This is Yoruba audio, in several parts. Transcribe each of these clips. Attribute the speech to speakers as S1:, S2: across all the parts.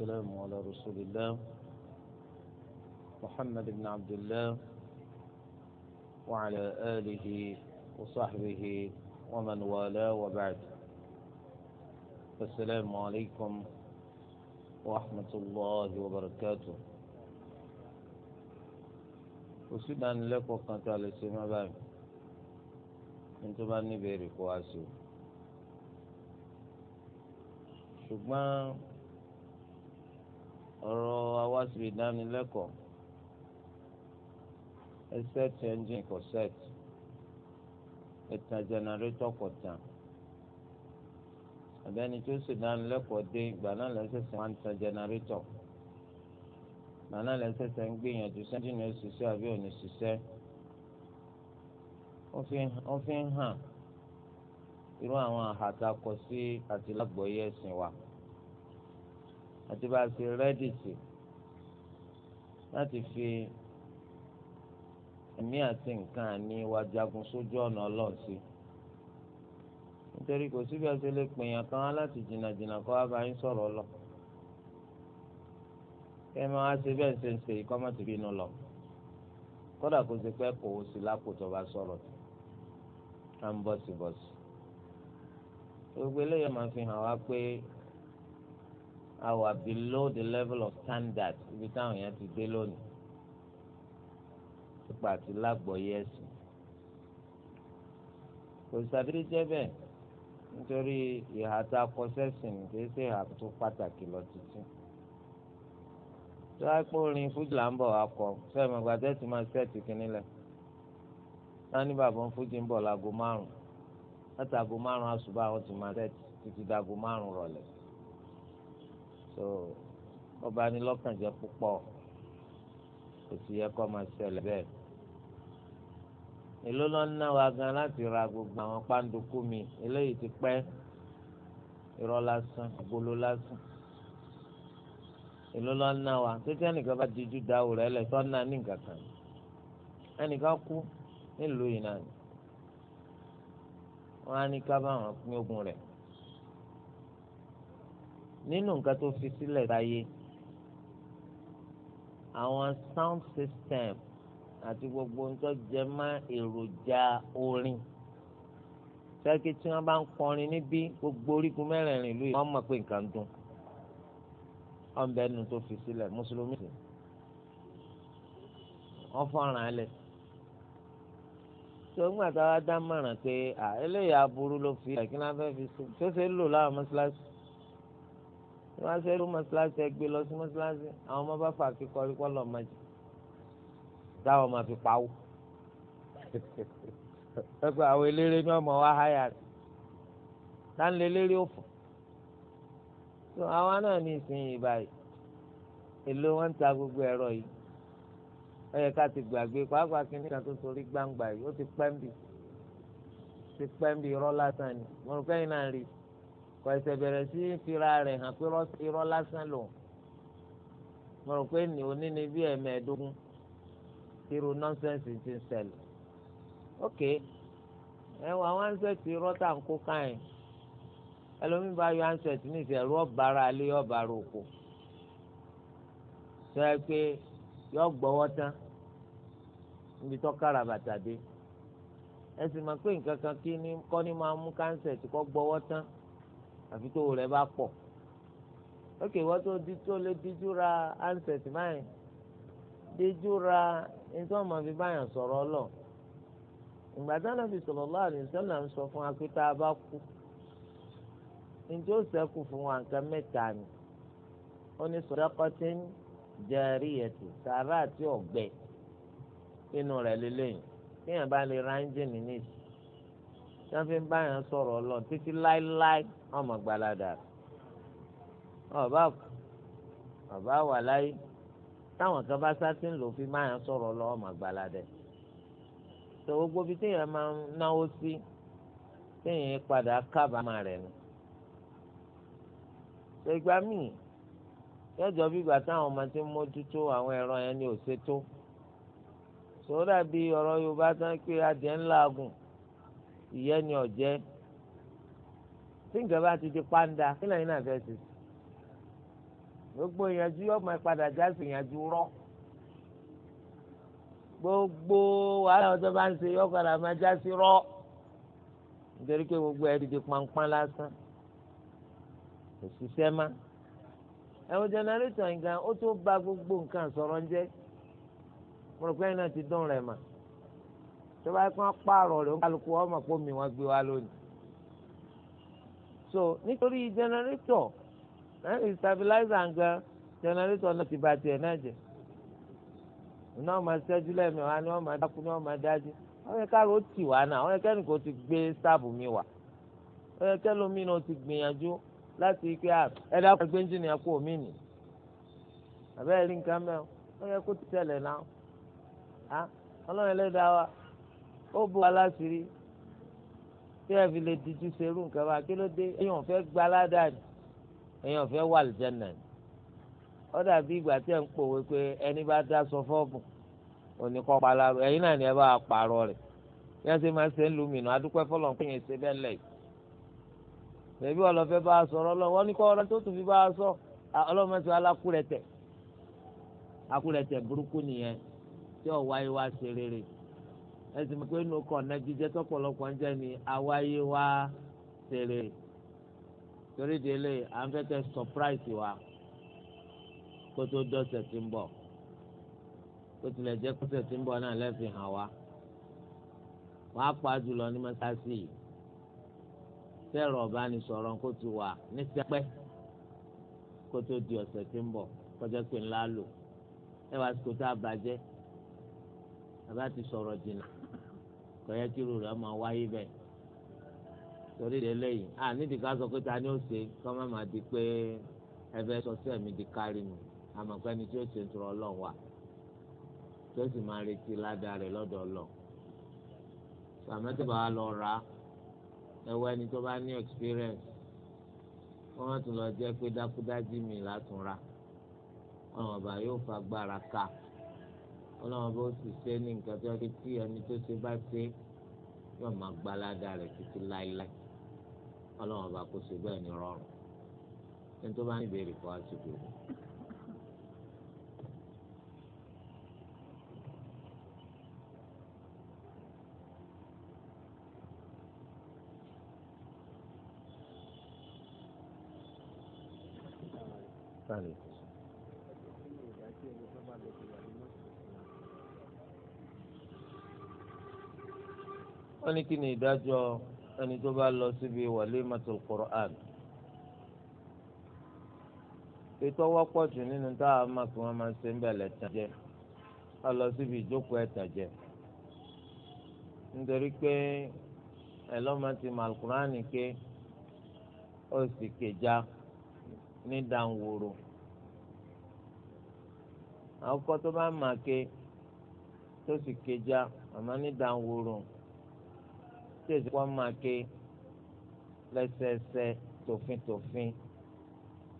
S1: والسلام على رسول الله محمد بن عبد الله وعلى آله وصحبه ومن والاه وبعد السلام عليكم ورحمة الله وبركاته وسيدنا لك وقت على السماء بعد انتم بني بيرك واسو شكرا ọ̀rọ̀ awásìlè ìdánilẹ́kọ̀ọ́ ẹsẹ̀tì ẹ́ńjìn kò sẹ́ẹ̀tì ẹ̀tàn jẹnẹrétọ̀ kò tàn àbẹ́ni tó sì dánilẹ́kọ̀ọ́ dé ìgbà náà lẹ́sẹ̀sẹ̀ wá ń tan jẹnẹrétọ̀ ìgbà náà lẹ́sẹ̀sẹ̀ ń gbìyànjú sẹ́ńjìn òṣìṣẹ́ àbí òní ṣiṣẹ́ ó fi ń hàn irú àwọn wa. àti bá a ṣe rẹ́dì sí láti fi ẹ̀mí àti nǹkan àní wa jagun sójú ọ̀nà ọlọ́run sí nítorí kò síbi àti lè pèèyàn kan wá láti jìnnàjìnnà kó wá bá yín sọ̀rọ̀ lọ kẹ́ ẹ máa wá ṣe bẹ́ẹ̀ ṣe ń ṣe ikọ́ mọ́tò bínú lọ kódà kó ṣe pé kò ó sí lápò tó bá sọ̀rọ̀ tó à ń bọ̀sibọ̀sì gbogbo eléyìí máa fi hàn wá pé a below the level of standard ibi táwọn èèyàn ti dé lónìí nípa àti lágbọ̀ọ́yé ẹ̀sìn kò sàdédé jẹ́ bẹ́ẹ̀ nítorí ìhà tá a kọ sẹ́sìn kìí ṣe ìhà tó pàtàkì lọ títí tó a pé orin fújì là ń bọ̀ akọ sẹ́yìn ọgbà tẹ́tì máa sẹ́ẹ̀tì kínní lẹ̀ náà ní bàbá fújì ń bọ̀ láago márùn-ún láti aago márùn-ún àṣùbà wọn ti máa sẹ́ẹ̀tì títí dáago márùn-ún rọ̀lẹ́ so ọba ní lọ́kànjẹ́ púpọ̀ kò sì yẹ kó máa ṣẹlẹ̀ bẹ́ẹ̀. èló ló ń ná wa gan láti ra gbogbo àwọn pàǹdùkú mi eléyìí ti pẹ́ irọ́ lásán agolo lásán èló ló ń ná wa títí ẹnìkan bá di júdà òrẹ́ lẹ̀ tó ń ná ní nǹkan kan ẹnìkan kú nílùú yìí náà wọ́n á ní ká bá wọn pín ogun rẹ̀ nínú nǹkan tó fi sílẹ̀ láyé àwọn sound system àti gbogbo ń tó jẹ mọ́ èròjà orin sẹ́kì tí wọ́n bá ń kọrin níbí gbogbo orígun mẹ́rẹ̀ẹ̀rin lóye wọ́n mọ̀ pé nǹkan dùn ọ̀nbẹ nu tó fi sílẹ̀ mùsùlùmí sì wọ́n fọ́nrán alẹ̀ tó ń gbà tá a wá dá mọ̀ràn pé à eléyìí aburú ló fi ẹ̀kí náà fẹ́ fi sí tó ṣe ń lò láwọn mọ́ṣáláṣí ni wọ́n fẹ́ rú mọ́ṣáláṣí ẹgbẹ́ lọ sí mọ́ṣáláṣí àwọn ọmọ bá fà kíkọrí kọ́ lọ́ọ́ máa jẹ táwọn máa fi pawó pẹ́pẹ́ àwọn eléré ní ọmọ wa háyà rẹ̀ táńlẹ̀ eléré òfò tó àwa náà ní ìsinyìí báyìí èlò wọn ń ta gbogbo ẹ̀rọ yìí ó yẹ ká ti gbàgbé pàápàá kí nìkan tó torí gbangba yìí ó ti pẹ́ńbì ti pẹ́ńbì rọ́lá sani mo náà rí i kò ẹsẹ̀ bẹ̀rẹ̀ sí fira rẹ̀ hàn pé irọ́ lásán lò mo rò pé ní òní ni bí ẹ̀mẹ́ẹ̀dógún irú nọ́nsẹ̀nsì ti ń ṣẹlẹ̀ ok ẹwà wánsẹ̀tì irọ́ tà ń kó káyìn ẹlòmíín bá yọ ansẹ̀tì ní ìfẹ̀rù ọ̀bàrà alẹ́ ọ̀bàrà òkú sọ ẹ pé yọ gbọ́wọ́ tán níbi tó kára bàtà dé ẹ sì máa pé nǹkan kan kí ni kọ́ ni máa mú kánsẹ̀tì kọ́ gbọ́wọ́ tán àfi tó rẹ̀ bá pọ̀ ok wọ́n tó di tó lé díjú ra handset báyìí díjú ra nítorí wọn máa fi báyàn sọ̀rọ̀ ọlọ́ ìgbà táwọn fi sọ̀rọ̀ lọ́wọ́ àdìsẹ́ là ń sọ fún wa pé tá a bá kú njẹ́ sẹ́kù fún wa nǹkan mẹ́ta ni ó ní sọ̀rọ̀kọ́tì ń jẹ́rìí ẹ̀tù sàárà àti ọ̀gbẹ́ nínú rẹ̀ lélẹ́yìn kéèyàn bá lè ra ẹ́ńjìnì níìsì tí wọ́n fi ń báyàn sọ̀rọ̀ ọlọ́run títí láéláé wọ́n mọ̀ gbalada ọba ọba wà láyé táwọn kan bá sá tí ń lò fi báyàn sọ̀rọ̀ ọlọ́run wọ́n mọ̀ gbalada tó gbogbo bí téèyàn máa ń náwó sí téèyàn padà kábàámà rẹ̀ ni tó ìgbà míì yọjọ bí ìgbà táwọn ọmọ ti ń mójútó àwọn ẹ̀rọ yẹn ni ò ṣe tó sòwò dàbí ọ̀rọ̀ Yorùbá tán pé adìẹ ńlá agùn ìyẹn ni ọ̀jẹ́ tí nǹkan ti di pàǹdà kí náà gbogbo ìyànjú yóò máa padà ìyànjú rọ. gbogbo wàhálà bá ń ṣe yóò padà máa nítorí pé gbogbo pàǹpàǹ lásán kò má ó gbogbo nǹkan ń mo rò pé náà ti tó bá yẹ kí wọ́n pààrọ̀ rẹ̀ kálukú ọmọ pé omi wọn gbé wa lónìí. so nítorí jẹnẹrétọ̀ stabilizer nǹkan jẹnẹrétọ̀ náà ti ba tiẹ̀ náà jẹ iná ọmọ ṣẹ́jú lẹ́mìíràn ni wọ́n máa dákú ni wọ́n máa dájú wọ́n yẹ káàró tì wá náà wọ́n yẹ kẹ́ni kò ti gbé sáàbù mi wá wọ́n yẹ kẹ́lómi náà ti gbìyànjú láti ike ẹ dákú ẹgbẹ́ ńjìnì ẹ̀kú omi nì àbẹ́rẹ́ rí nǹkan mẹ́wọ́ wọ́n yẹ kó ti tẹ̀lẹ̀ náà ọlọ́run ẹlẹ́dàá wa ó bu aláṣírí tí ẹ fi lè dijú serú nǹkan wa kí ló dé èèyàn fẹ́ gba aládàá ni èèyàn fẹ́ wà lìjẹ́nà ni ó dàbí ìgbà tí ẹ̀ ń pòwe pé ẹni bá dá sọ fọ́ọ̀gùn òní kọ́ palaro ẹ̀yin náà ni ẹ bá wa pààrọ̀ rẹ̀ bí wọ́n ṣe máa ṣe ń lu mìíràn adúpẹ́ fọlọ́n pé yẹn ṣe bẹ́ẹ̀ lẹ̀ bẹ̀bí ọlọ́fẹ́ bá a sọ̀rọ̀ lọ wọ́n ní kọ́ ọ̀rọ̀ tó tún fi bá a sọ ọlọ́mọṣẹ́ alákùrẹ̀tẹ̀ akùrẹ̀tẹ̀ burúkú nìyẹn tí ọ̀ wáyé wá ṣe rere ẹsìn mi pé inú ọkọ̀ ọ̀nà jíjẹ tọ́pọ̀lọpọ̀ ń jẹ́ ni àwáyé wa tèrè torí délé à ń fẹ́ kẹ́ sọpráìsì wa kó tó dọ́sẹ̀ tí ń bọ̀ kó tilẹ̀ jẹ́ kọ́sẹ̀ tí ń bọ̀ náà lẹ́sìn hàn wa wọ́n á pa jùlọ ní mọ́sáàsì yìí tẹ́rọ̀ ọba ni sọ̀rọ̀ kó ti wà ní sẹ́pẹ́ kó tó di ọ̀sẹ̀ tí ń bọ̀ kọjá pé ńlá lò ẹ wá sí kó tó àbàjẹ́ àbá ti sọ̀rọ̀ jìnnà kọyẹ kírò rẹ máa wáyé bẹ́ẹ̀ torí rẹ lẹ́yìn à nídìí ká sọ pé ta ni ó ṣe kọ́ má má di pé ẹ fẹ́ sọ di kárí mi àmọ́ pé ẹni tí ó ṣe ń tọrọ ọlọ́run wà tó sì máa retí ládàá rẹ lọ́dọ̀ ọlọ́ sàmẹ́tìbà lọ rà ẹwọ́ ẹni tó bá ní experience wọ́n má tún lọ jẹ́ pé dákúdájí mi látún ra ọ̀nà ọ̀bà yóò fagbára ká ọlọ́run bó sì ṣe ní nǹkan tó yẹ kí ẹni tó ṣe bá ṣe yóò máa gbalada rẹ̀ títí láéláé ọlọ́run bá kó ṣe bẹ́ẹ̀ ní rọrùn ẹni tó bá ní ìbéèrè kọ́ àṣìkò rẹ̀. Thank you. wọ́n ní kí ni ìdájọ́ ẹni tó bá lọ síbi walimatul Qur'an ètò wọ́pọ̀ jù nínú táwọn máa kí wọ́n máa ń ṣe ń bẹ̀lẹ̀ tàn jẹ́ wọ́n lọ síbi ìjókòó ẹ̀tàn jẹ́ nítorí pé ẹlọ́mọ ti mọ alukurani ké ó sì kéjà ní dànwòrò àwọn kọ́ tó bá mà ké tó sì kéjà àmọ́ ní dànwòrò tí èsì wọn máa ké lẹ́sẹẹsẹ tòfin tòfin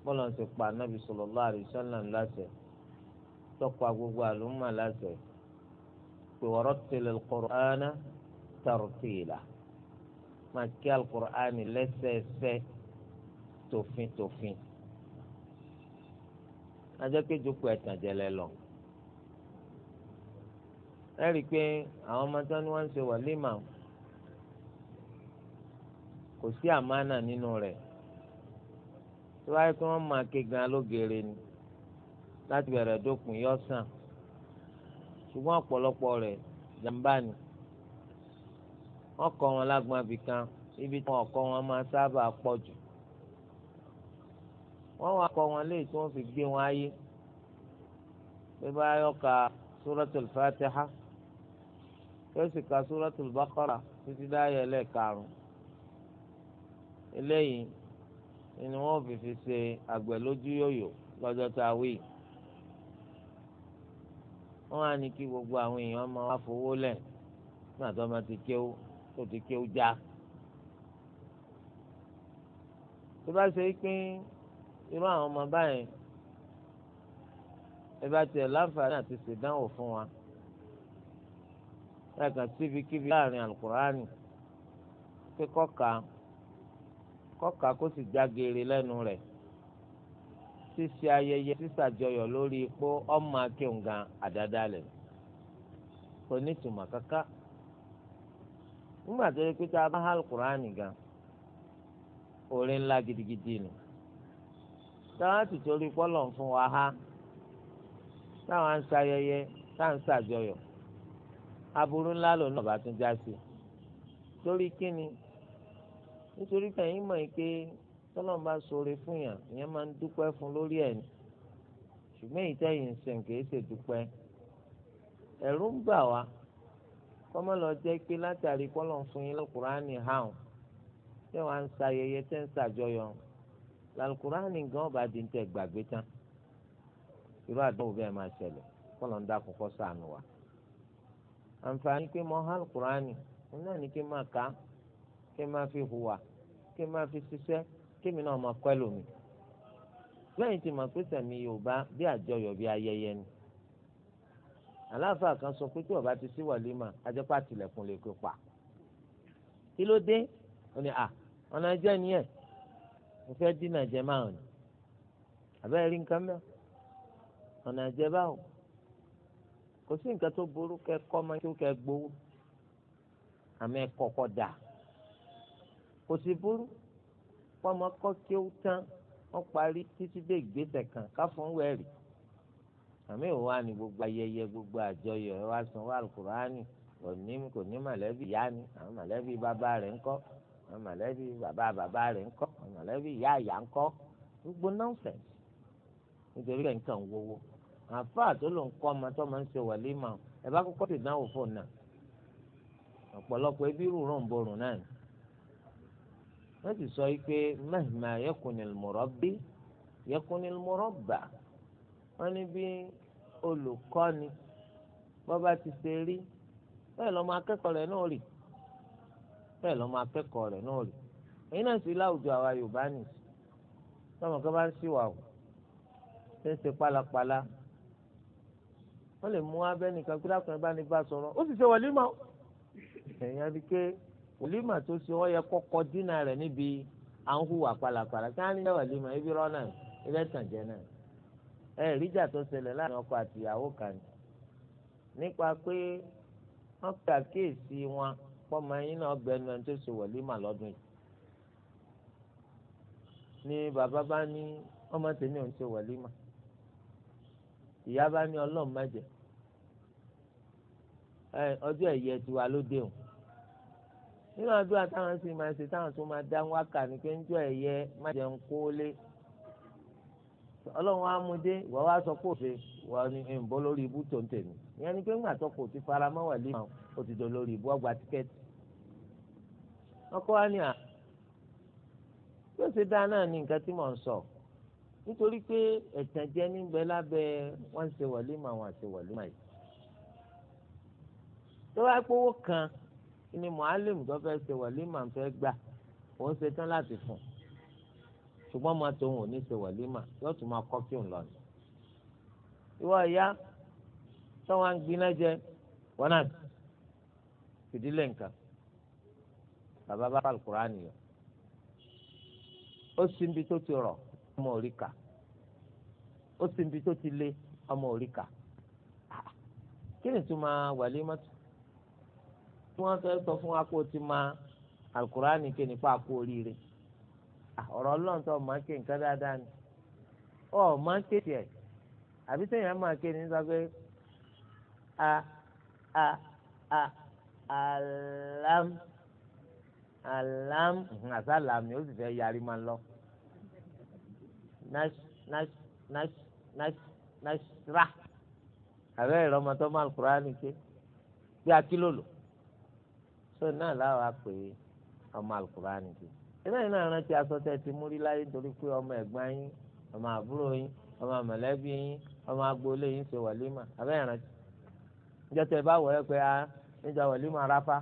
S1: bọ́lá ń ṣe pa anábì sallallahu alaihi wasallam láṣẹ tọ́pa gbogbo àlùmọ́ láṣẹ pé warattilil Qur'ana tartila máa ké al-Qur'ani lẹ́sẹẹsẹ tòfin tòfin ajákèjòkò ẹ̀tànjẹlẹ lọ ẹ rí i pé àwọn ọmọ tó ní wọ́n ń ṣe wàlímà kò sí àmánà nínú rẹ̀ tó wáyé kí wọ́n máa ké gan alógere ni láti bẹ̀rẹ̀ dópin yọ sàn ṣùgbọ́n ọ̀pọ̀lọpọ̀ rẹ̀ jàǹbá ni wọ́n kọ́ wọn lágbọ́n abìkan ibi tí wọ́n kọ́ wọn máa sábà pọ̀ jù wọ́n wá kọ́ wọn léyìí tí wọ́n fi gbé wọn ayé bí bá yọ ka suratul fatiha yóò sì ka suratul baqara títí dáyẹ̀ lẹ́ẹ̀karùn-ún eléyìí ni wọ́n fi fi ṣe àgbẹ̀ lójú yòyò lọ́jọ́ tá a wí. wọ́n á ní kí gbogbo àwọn èèyàn máa wá fowó lẹ̀ nígbà tó máa ti kéwú tó ti kéwú já. tó bá ṣe pé irú àwọn ọmọ báyìí ẹ bá tiẹ̀ láǹfààní àti ṣèdánwò fún wa ẹ̀ka síbi kíbi láàrin àlùkùránì kíkọ́ kàá kọ́ka kó sì já geere lẹ́nu rẹ̀ ṣíṣe ayẹyẹ sísàjọyọ̀ lórí ipò ọmọ akéwòngàn àdádálẹ̀ kò ní tùmọ̀ kankan nígbà tó yẹ pé tá a bá hàl gan orin ńlá gidigidi nù táwọn ti torí pọ́lọ̀ fún wa ha táwọn ń ṣayẹyẹ táwọn ń ṣàjọyọ̀ aburú ńlá lòun náà bá tún já sí torí kíni nítorí pé ẹ̀yin mọ̀ pé tọ́lọ́n bá ṣoore fún yàn ìyẹn máa ń dúpẹ́ fún lórí ẹ̀ ní ṣùgbọ́n èyí tẹ́yìn ṣe kìí ṣe dúpẹ́ ẹ̀rù ń bà wá kọ́mọ́ lọ jẹ́ pé látàrí kọ́lọ́n fún yín lọ́kùnránì hàn tẹ́ wàá ń sa ayẹyẹ tẹ́ ń ṣàjọyọ̀ làlùkùránì gan ọba di ń tẹ gbàgbé tán irú àdánwò bẹ́ẹ̀ máa ṣẹlẹ̀ kọ́lọ́n dá kọ́kọ́ sànù wa àǹfààní pé mọ́ kí n máa fi hùwà kí n máa fi ṣiṣẹ́ kí mi náà máa kọ́ ẹlòmíì lẹ́yìn tí màá pé sẹ̀mí yorùbá bí àjọyọ̀ bí ayẹyẹ ni aláàfáà kan sọ pé tí ọba ti sí wàlímà ajẹ́pá tilẹ̀kùn lè kó pa kí ló dé ó ní à ọ̀nà ẹjẹ́ ni ẹ̀ mo fẹ́ dínà jẹ máa hàn ní àbẹ́rẹ́ rí nǹkan mẹ́ ọ̀nà ẹjẹ́ báwo kò sí nǹkan tó burú kẹ́ kọ́ ọmọ kí ó kẹ́ gbowó àmì ẹ̀kọ́ kọ́ kò sí burú wọn máa kọ́ kí ó tán wọn parí títí dé ìgbésẹ̀ kan káfọn wẹẹrì àmì ìwà ni gbogbo ayẹyẹ gbogbo àjọyọ̀ ẹ wá san wà lùkùránì kò ní kò ní mọ̀lẹ́bí ìyá ni àwọn mọ̀lẹ́bí bàbá rẹ̀ ńkọ́ àwọn mọ̀lẹ́bí bàbá bàbá rẹ̀ ńkọ́ àwọn mọ̀lẹ́bí ìyá ìyá ńkọ́ gbogbo nọ́ọ̀sẹ̀nsì nítorí ẹ̀ ń kàn wọ́wọ́ àfáà tó ló ń kọ́ ọmọ tó máa ń ṣe wàlímà ẹ bá kọ́kọ́ ti dánwò fóònù náà ọ̀pọ̀lọpọ̀ ẹbí rúurọ̀ ń náà wọ́n sì sọ pé mahima yakunil murabbi yakunil murabba wọ́n ní bí olùkọ́ni bọ́ba ti ṣe rí bẹ́ẹ̀ lọ́mọ akẹ́kọ̀ọ́ rẹ̀ náà rí bẹ́ẹ̀ lọ́mọ akẹ́kọ̀ọ́ rẹ̀ náà rí èyí náà sì láwùjọ àwa yorùbá nì sọmọ kan bá ń ṣìwà o ṣe ń ṣe pálapàla wọ́n lè mú abẹ́nìkan kí lákùnrin bá ní bá sọ̀rọ̀ ó sì ṣe wọlé mọ́ ẹ̀yìn adìkẹ́ wòlímà tó ṣe wọ́n yẹ kọ́kọ́ dínà rẹ̀ níbi à ń hùwà pàlàpàlà kí wọ́n ní ìyá wòlímà ibi rọ́ náà ilé tàn jẹ́ náà ẹ ìríjà tó ṣẹlẹ̀ láàrin ọkọ àti ìyàwó kan nípa pé wọ́n pe àkíyèsí wọn pọ́nmọ yín náà gbẹnu ẹni tó ṣe wòlímà lọ́dún yìí ni bàbá bá ní ọmọ tèmi ò ń ṣe wòlímà ìyá bá ní ọlọ́run má ọjọ́ ẹ̀yẹ tiwa ló dé òun nínú àdúrà táwọn sì máa ṣe táwọn tó máa dá kà ní pé ń jọ ẹ̀yẹ má jẹun kólé ọlọ́run á mú dé ìwà wa sọ pé wà ní ìbọn lórí ibú tó ń ni pé kò ti fara wà ó ti dọ̀ lórí ibú ọgbà tíkẹ́ẹ̀tì ọkọ wa ni à yóò náà ní nǹkan tí mò ń sọ nítorí pé ẹ̀tàn jẹ́ ni mu'allim tó fẹ́ ṣe wàlímà fẹ́ gbà òun ṣe tán láti fún ṣùgbọ́n máa tó òun ò ní ṣe wàlímà yóò tún máa kọ́ òun lọ ni. ìwọ ìyá táwọn á ń gbiná jẹ wọn náà fìdílé nǹkan bàbá bá Al-Kùránì yọ ó sì ń bi tó ti rọ̀ ọmọ òrìkà ó sì ń bi tó ti lé ọmọ òrìkà kí ni tó máa wàlímà tó tí wọ́n fẹ́ sọ fún wa kó o ti máa alukurani ké nípa àpò oríire ọ̀rọ̀ ọlọ́run tó máa ké nǹkan dáadáa ni ọ máa ké tiẹ̀ àbí sẹ́yìn á máa ké ní sọ pé a a a alam alam asalam ni ó sì fẹ́ yarí máa lọ nash nash nash nash nashra àbẹ́ ìrọmọtọ́ máa alukurani ké bí akílò lò. so náà láwa pé ọmọ alukurani ti ìbẹ́ẹ̀ náà rántí aṣọ ti múrí láyé nítorí pé ọmọ ẹ̀gbọ́n yín ọmọ àbúrò yín ọmọ mọ̀lẹ́bí yín ọmọ agboolé yín ṣe wàlímà àbẹ́ẹ̀ rántí níjọ́ bá wọ̀ ẹ́ pé a ah, níjọ́ wàlímà ráfá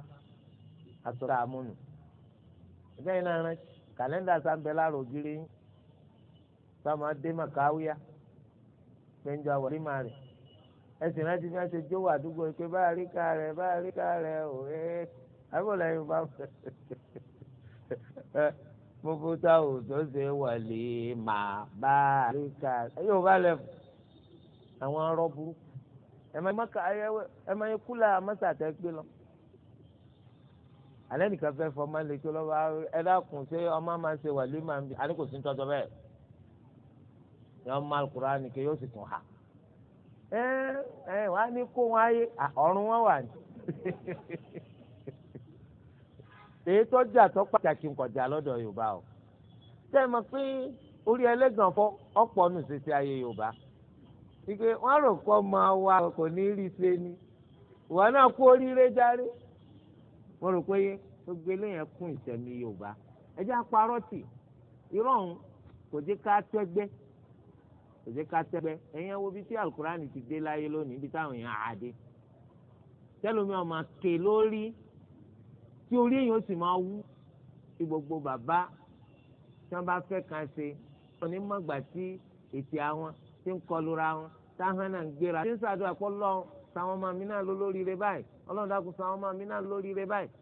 S1: aṣọ a náà rántí kàlẹ́ndà sáńbẹ́ láàrọ̀ yín sọmọ dé màkàwíyá pé níjọ́ wàlímà rẹ̀ ẹ̀sìn rántí fẹ́ẹ́ ṣe jó wà pé báyà abọ́lá yorùbá gbogbo táwọn òṣòṣe wọlé màá bá a lè ka yorùbá lẹ́fù àwọn arọ́ burúkú ẹ máa kú la amásàtẹ́ gbé lọ alẹ́ nìkan fẹ́ fọ ọmọ lẹ́tọ́ lọ́wọ́ ẹ dákun ṣé ọmọ máa ń ṣe wàlíì máa ń bí alẹ́ kò sí ń tọ́jọ́ bẹ́ẹ̀ ni ọmọ alukura nìkan yóò sì tún ha ẹ ẹ wàá ní kó wọn ayé ọ̀run wọn wà ní. èyí tọ́jà tó pàtàkì nkọ̀jà lọ́dọ̀ yorùbá o tẹ́ ẹ mọ̀ pé orí ẹlẹ́gàn fọ́ ọ̀pọ̀ nù ṣẹṣẹ ayé yorùbá ìgbé wọn rò pọ̀ máa wá kò ní rí ṣe ni ìwà náà kú oríire járe mo rò pé gbogbo eléyẹn kún ìṣẹ̀mí yorùbá ẹ jẹ́ àparọ́ tì irọ́ òun kò jẹ́ ká tẹ́gbẹ́ kò jẹ́ ká tẹ́gbẹ́ ẹ̀yin wo bí tí alukurani tí orí èèyàn sì máa wú tí gbogbo bàbá tí wọ́n bá fẹ́ kan ṣe onímọ̀gbà tí ètè àwọn tí ń kọlura wọn táwọn náà ń gbéra tí ń ṣàdúrà pọ̀ lọ́wọ́ sàwọn ọmọ mi náà ló lóríire báyìí ọlọ́run dákun sàwọn ọmọ mi náà lóríire báyìí.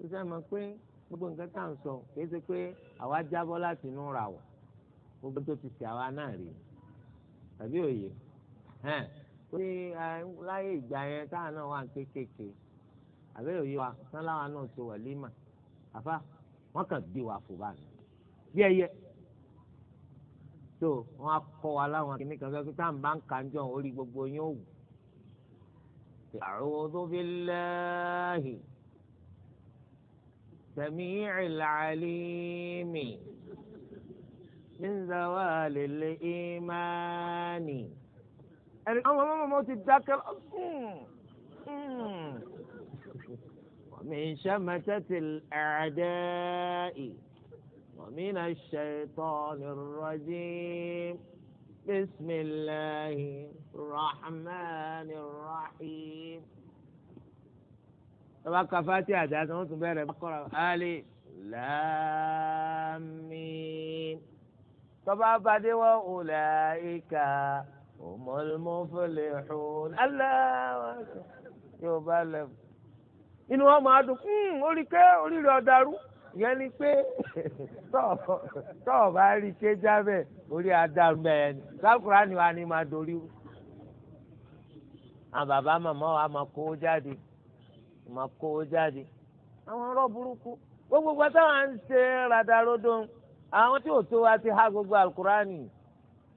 S1: ó sẹ́ mọ̀ pé gbogbo nǹkan tá à ń sọ kì í ṣe pé àwa jábọ́ láti inú ra wọ̀ gbogbo tó ti ṣe àwa náà rí tàbí òye ó ní láyé ìgbà yẹn táwọn náà wà kéékèèké àbẹ́rẹ́ òye wa tán láwa náà ṣe wàlímà àfa wọ́n kàn gbé wa fò báyìí bí ẹyẹ tó wọ́n á wa láwọn kìnnì kan sọ pé tá à ń bá ń kà ń jọ orí gbogbo yín ó wù. a'udhu billahi sami'il alimi min zawalil imani. ẹ̀rí ọmọ ọmọ ọmọ ti dákẹ́ من شمتة الأعداء ومن الشيطان الرجيم بسم الله الرحمن الرحيم طبعا كفاتي أجازة وانتم بيري بقرة آلي لامين طبعا بعدين وأولئك هم المفلحون الله يبلغ inú wọn máa dùn hmm, ó rí pé oríire ọ̀dàrú ìyẹn ni pé tọ́ọ̀ bá rí ké jábẹ́ orí adarú bẹ́ẹ̀ ni sákùrá ni wàá ní máa dorí rú àwọn bàbá màmá wa máa kówó jáde máa kówó jáde àwọn ọ̀rọ̀ burúkú gbogbo gbàtà wà ń ṣe ràdàròdò àwọn tí ò tó wa ti há gbogbo alukurani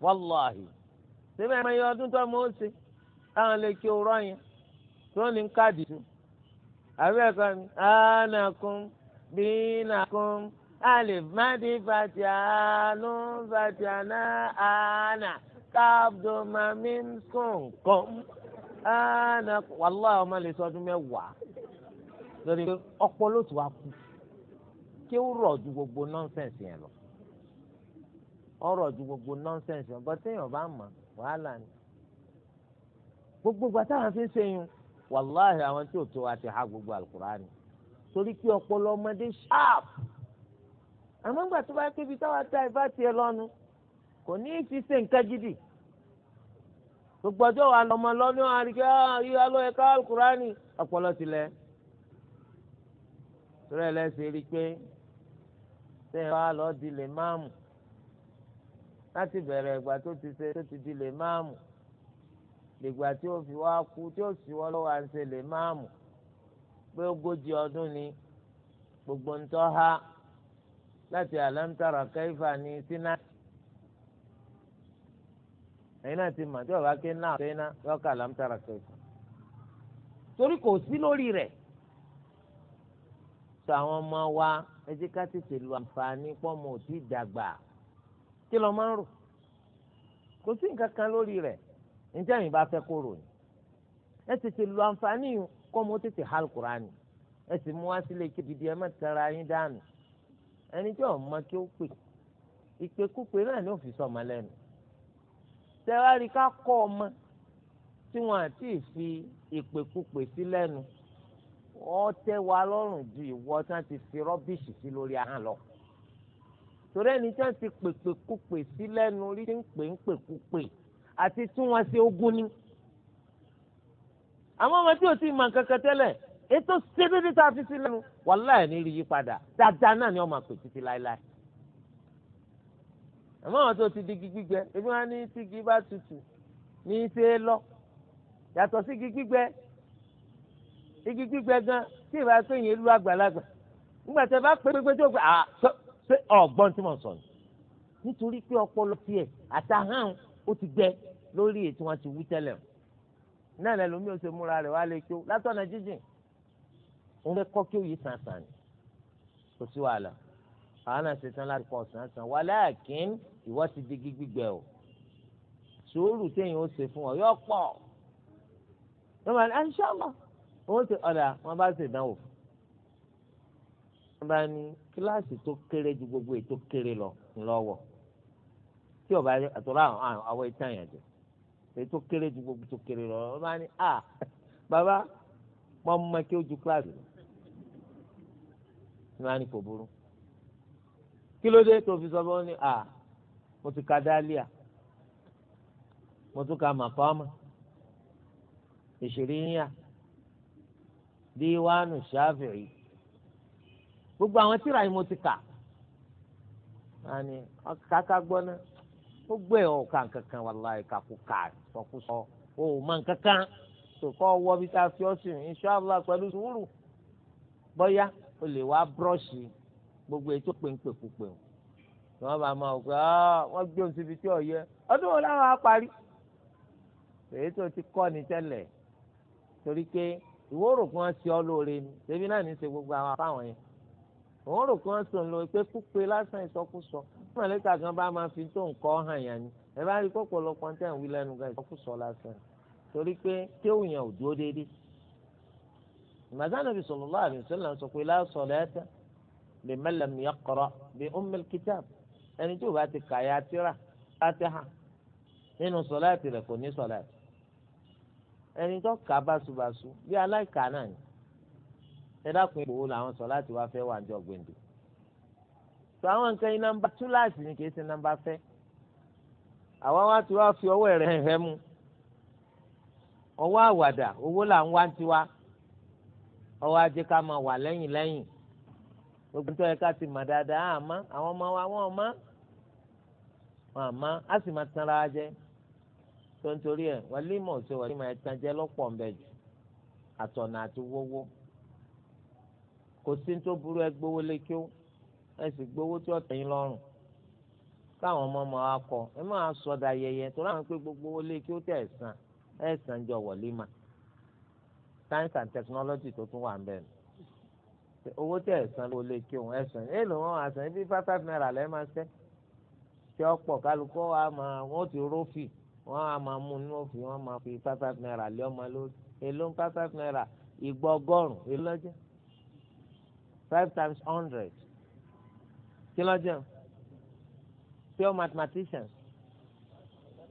S1: wàláhì sẹ́mi ẹ̀mẹ́yẹ ọdún tó mọ̀ ó ṣe táwọn lè kí òrọ̀ yẹn tó ní káàdì tó àbẹ́ẹ̀kọ́ ni ànàkùn bínàkùn alif madi fatia nun fatia na ana káàbdó mami kọ̀ǹkọ̀m ana wàláhì ọmọ lè sọ ọdún mẹ́wàá lórí ọpọlọ tó wá kú kí ó rọ̀ ju gbogbo nọ́nsẹ̀nsì yẹn lọ ó rọ̀ ju gbogbo nọ́nsẹ̀nsì yẹn bọ́ téèyàn bá mọ̀ wàhálà ni gbogbo gbàtà àfi ń ṣe yun. wàláhì àwọn tí ò tó wa ti ha gbogbo alukurani torí kí ọpọlọ ọmọdé sharp àmọ́ ńgbà tó bá kébi táwa ta kò ní í fi ṣe nǹkan gidi gbogbo ọjọ́ wa lọ́mọ lọ́nu àríkẹ́ yíyá ọpọlọ tilẹ̀ torí ẹlẹ́sìn rí i pé ah, lọ́ọ́ di lè máàmù láti bẹ̀rẹ̀ ìgbà tó ti ṣe tó ti di lè máàmù. dìgbà tí ó fi wá kú tí ó sì wọ́n lọ́wọ́ à ń ṣe lè máàmù pé ogójì ọdún ni gbogbo ń tọ́ ha láti àlámtàrà kẹfà ní sínà ẹ̀yin náà ti mọ̀ tí ọba ké náà ṣe ná lọ́kà àlámtàrà kẹfà torí kò sí lórí rẹ̀ sọ àwọn ọmọ wa ẹ ká tètè lu àǹfààní pọ́nmọ́ ò tí kí lọ́ọ́ máa ń rò kò sí nǹkan kan lórí rẹ̀ njẹ́ yìí bá fẹ́ kó ròyìn ẹ tètè lu àǹfààní kọ́ mo tètè hal kurani ẹ sì mú wá sílé kébìdì ẹ má tara yín dànù ẹni tí ò mọ kí ó pè ìpèkúpè náà ni ó fi sọmọ lẹ́nu tẹwárí ká kọ́ ọmọ tí wọn àti fi ìpèkúpè sí lẹ́nu ọtẹ wa lọ́rùn ju ìwọ tí wọn ti fi rọbìṣì sí lórí ahọ́n lọ torí ẹni tí wọn ti pèpèkúpè sí lẹ́nu rí ti ń pè ń pèkúpè àti tún wọn ṣe ogun ni àwọn ọmọ tí o ti mọ nǹkan kan tẹ́lẹ̀ ètò ṣẹ́dédé tá a fi sí lẹ́nu wàláhì ní rí yí padà dáadáa náà ni ọmọ àpè títí láéláé àmọ́ àwọn tó ti di gbígbẹ ebi wọn ní tígi bá tutù ní í ṣe é lọ yàtọ̀ sí igi gbígbẹ igi gbígbẹ gan tí ìbá pé yẹn àgbàlagbà nígbà tẹ bá pé pé tó gbé à ṣe ọgbọ́n tí mo sọ ni nítorí pé ọpọlọ tiẹ̀ àtàhàn ó ti gbẹ lórí èyí tí wọ́n ti wí tẹ́lẹ̀ náà lẹ́nu mi ò ṣe múra rẹ̀ wá lè tó látọ̀nà jíjìn òun fẹ́ kọ́ kí òye sàn sàn ni kò sí wàhálà àwọn náà ṣetán láti pọ̀ sàn sàn wàláàkín ìwọ ti di gbígbẹ o sùúrù téèyàn ó ṣe fún ọ yọ pọ̀ lọ́mọ ní aṣọ́mọ òun ti ọ̀dà wọn bá ṣe ìdánwò wọn bá ní kíláàsì tó kéré ju gbogbo èyí kéré lọ ńlọ́wọ́ tí ọba àtọ́lá àwọn ìtàn yẹn jẹ èyí tó kéré ju gbogbo tó kéré lọ ọba ni a bàbá wọn mọ kí ó ju kíláàsì lọ ní wọn ni kò burú kí ló dé tó fi sọ fún ni a mo ti ka dálíà mo tún ka màkọ́mà ìṣìríyà díwánu ṣáfìrí gbogbo àwọn tíra yìí mo ti kà wọn ni ọkàkà gbọ́ náà ó gbé ọ kàn kankan wàláì kàkúkà sọkúsọ o ò mọ nkankan tòkọ wọ bí tá a fi ọ sí inṣàlá pẹ̀lú sùúrù bóyá o lè wá búrọ́ọ̀ṣì gbogbo ètò pèǹpèkúpè o tí wọ́n bá máa wò pé ah, wọ́n gbé ohun síbi tí ò yẹ ọdún wo láwọn á parí èyí tó ti kọ́ ni tẹ́lẹ̀ torí pé ìwọ rò kí wọ́n ṣe ọ lóore ni ṣebí náà ní í ṣe gbogbo àwọn afáwọn yẹn òun rò kí wọ́n sọ lóore pé kúpe lásán ìsọkúsọ mọ̀lẹ́ka kan bá máa fi tó nǹkan hàn yàn ni ẹ bá rí pọ̀pọ̀lọpọ̀ tẹ̀ ń wí lẹ́nu gan ìsọkúsọ lásán torí pé kéwù yẹn ò dúró déédéé ìmọ̀sánà bí sallallahu alaihi wasallam sọ pé la salata liman lam yaqra bi ummil kitab ẹni tí ò bá ti kàyà tíra Fatiha nínú sọláàtì rẹ̀ kò ní sọláàtì ẹni tó kà báṣubàṣu bí aláìka náà ni ẹ dákun ìgbòho làwọn sọláàtì wá fẹ́ wà ní ọgbẹ̀ndì tó àwọn nǹkan yìí nọ́mbà túláàsì ni kì í ṣe nọ́mbà fẹ́ àwa wá ti wá fi ọwọ́ rẹ̀ hẹ́ mu ọwọ́ àwàdà owó là ń wá tiwa ọwọ́ ajé ká máa wà lẹ́yìn lẹ́yìn gbogbo nítorí ẹ̀ka ti mà dáadáa àmọ́ àwọn ọmọ wa wọ́n mọ́ wọn àmọ́ á sì máa tanra jẹ tó ń torí ẹ̀ wàlímọ̀ ṣe wàlímọ̀ ẹ̀ tán jẹ lọ́pọ̀ ń bẹ jù àtọ̀nà àti wọ́wọ́ kò sí ní tó burú ẹ gbówó lékiw ẹ sì gbowó tí ọ̀tẹ̀ yín lọ́rùn káwọn ọmọ ọmọ wa kọ ẹ máa sọdà yẹyẹ tó láwọn pé gbogbo owó lé kí ó tẹ̀ ẹ̀sán ẹ̀sán jọ wọlé mà science and technology tó tún wà ń bẹ̀ owó tẹ̀ ẹ̀sán ló lé kí òun ẹ̀sán ẹ lò wọ́n àṣà bí five five naira lẹ́ẹ̀ máa ṣẹ́ tí ọ̀pọ̀ kálukọ́ wa máa wọ́n ti rófì wọ́n á máa mú inú òfin wọ́n máa fi five five naira lé ọmọ lórí èló ń five five naira èló lọ́jọ́ five times hundred kí pure mathematician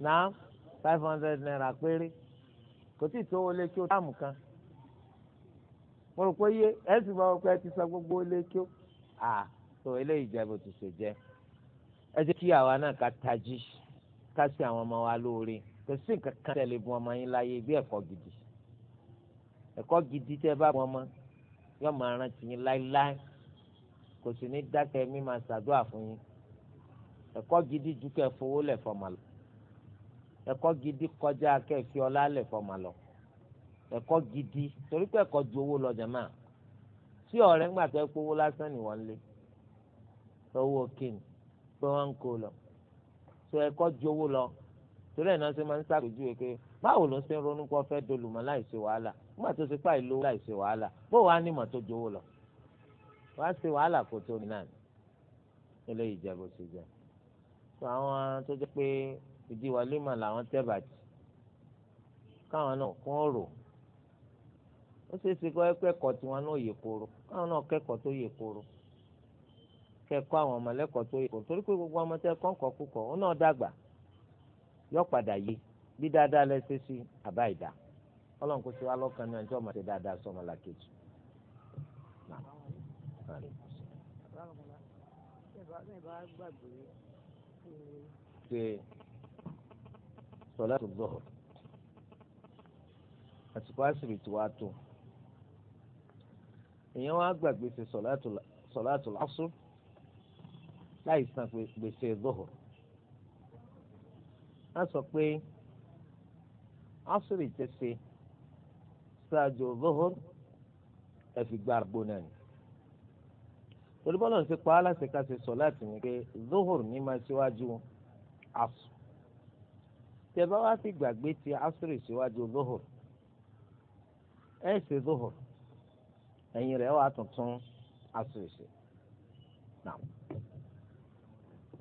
S1: náà five hundred naira péré kò tí ì tó wọlé kí o táàmù kan mo rò pé yé ẹ sì máa pẹ́ ti sọ gbogbo wọlé kí o à tó eléyìí jẹ́ bó ti ṣe jẹ́ ẹ jẹ́ kí àwa náà ká tají ká sí àwọn ọmọ wa lóore kò sí nǹkan kan tẹ̀lé bu ọmọ yín láyé bí ẹ̀kọ́ gidi ẹ̀kọ́ gidi tẹ́ bá bu ọmọ yóò máa rántí yín láéláé kò sì ní dákẹ́ mi máa ṣàdúrà fún yín ẹ̀kọ́ gidi ju kẹ́ fowó lẹ̀ fọmọ lọ ẹ̀kọ́ gidi kọjá kẹ́ fi ọlá lẹ̀ fọmọ lọ ẹ̀kọ́ gidi torí pé ẹ̀kọ́ ju owó lọ jàmáà tí ọ̀rẹ́ ńgbà tó ẹ kówó lásán ni wọ́n lé lọ́wọ́ kíni pé wọ́n ń kó lọ tó ẹ̀kọ́ ju owó lọ torí ẹ̀ náà ṣe máa ń ṣàpèjúwe pé báwo ló ń ṣe ronú pé wọ́n fẹ́ dolùmọ̀ láì wàhálà nígbà tó ṣe pàì lówó láì wàhálà bó wàá ní mọ̀ tó ju owó lọ. wá sí wàhálà kó tó ní náà eléyìí jẹ bó ṣe jẹ tó àwọn tó jẹ pé ìdíwọlé mà làwọn tẹ bàjẹ́ káwọn náà kún ọ̀rọ̀ ó ṣe kọ́ ẹ̀kọ́ tiwọn náà yè koro káwọn náà kẹ́kọ̀ọ́ tó yè koro àwọn tó koro torí pé gbogbo ọmọ tẹ kọ́ńkọ́ ó náà dàgbà yọ padà yé bí dáadáa lẹ sí àbá ìdá ṣe sọlá tó gbọ́ àsìkò àṣírí tí wàá tó èèyàn wá gbàgbé ṣe sọlá tó lásù láì san gbèsè gbọ́hùn a sọ pé àṣírí tẹ̀sẹ̀ ṣáájú gbọ́hùn ẹ̀fìgbà gbóná ni torí bọ́lá ń ṣe pa á láṣẹ ká ṣe sọ láti ní pé zohor ní máa ṣíwájú asù tẹ bá wá sí gbàgbé ti asùrì ṣíwájú zohor ẹ ṣe zohor ẹ̀yìn rẹ̀ wà tuntun asùrì ṣe náà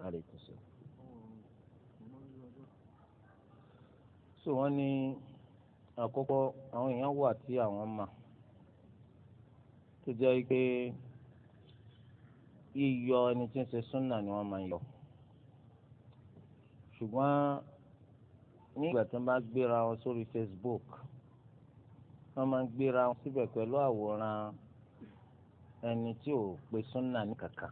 S1: àlejò ṣe. so wọ́n ní àkọ́kọ́ àwọn èèyàn wà tí àwọn mà tó jẹ́ pé yíyọ ẹni tí ń ṣe súnà ni wọ́n máa ń yọ ṣùgbọ́n ní ìgbà tí wọ́n bá gbéra wọn sórí Facebook wọ́n máa ń gbéra wọn síbẹ̀ pẹ̀lú àwòrán ẹni tí ò pe súnà ní kàkà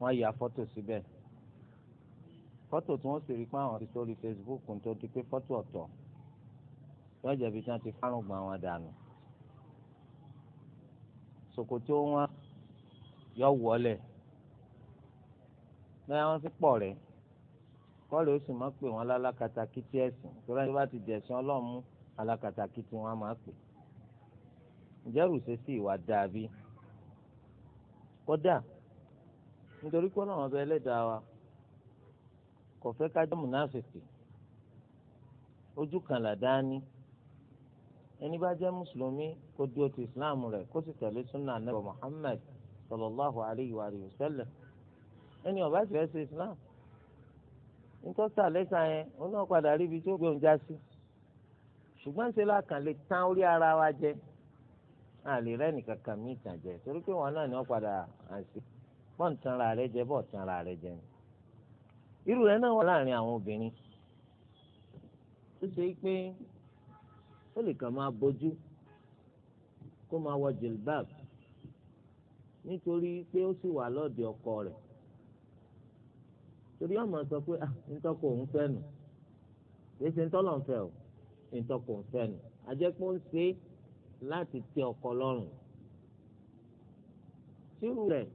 S1: wọ́n ya fọ́tò síbẹ̀ fọ́tò tí wọ́n sì rí pé àwọn sórí Facebook tó di pé fọ́tò ọ̀tọ̀ lọ́jọ́ ibi tí wọ́n ti fárùn gbọ̀n wọn dànù. sokoto wọn yọ wọlé bẹ́ẹ̀ wọ́n sì pọ̀ rẹ̀ kọ́ọ̀lù ó sì máa pè wọ́n lálákàtà kìtì ẹ̀sìn torí ẹni bá ti jẹ̀sìn ọlọ́mú alákàtà kìtì wọn máa pè ìjẹ́rù ṣe sí ìwà dàbí kódà nítorí pé ọlọ́run ọba ẹlẹ́dàá wa kò fẹ́ ká jẹ́ múnáfìkì ojú kan làdá ẹni bá jẹ́ mùsùlùmí kó dúró ti islam rẹ̀ kó sì tẹ̀lé sunna anabi muhammad sallallahu alayhi wa sallam ẹni ó bá ṣe islam àlẹ́sà yẹn wọn náà padà rí ibi tí ó gbé sí ṣùgbọ́n ṣe la lè tán orí ara wa jẹ a lè rẹ́ni kankan mí jẹ torí pé wọn náà ni wọn padà àṣì bọ́ọ̀ ń tanra rẹ jẹ bọ́ọ̀ tanra rẹ jẹ ni ó lè kàn máa bójú kó máa wọ jilbab nítorí pé ó sì wà lọ́ọ̀dì ọkọ rẹ̀ torí ọmọ sọ pé ah ntọ́kọ̀ òun fẹ́ nù kìí ṣe ntọ́lọ̀ ń fẹ́ o ntọ́kọ̀ òun fẹ́ nù ajẹ́pọ̀ ń ṣe láti tẹ ọkọ lọ́rùn sírù rẹ̀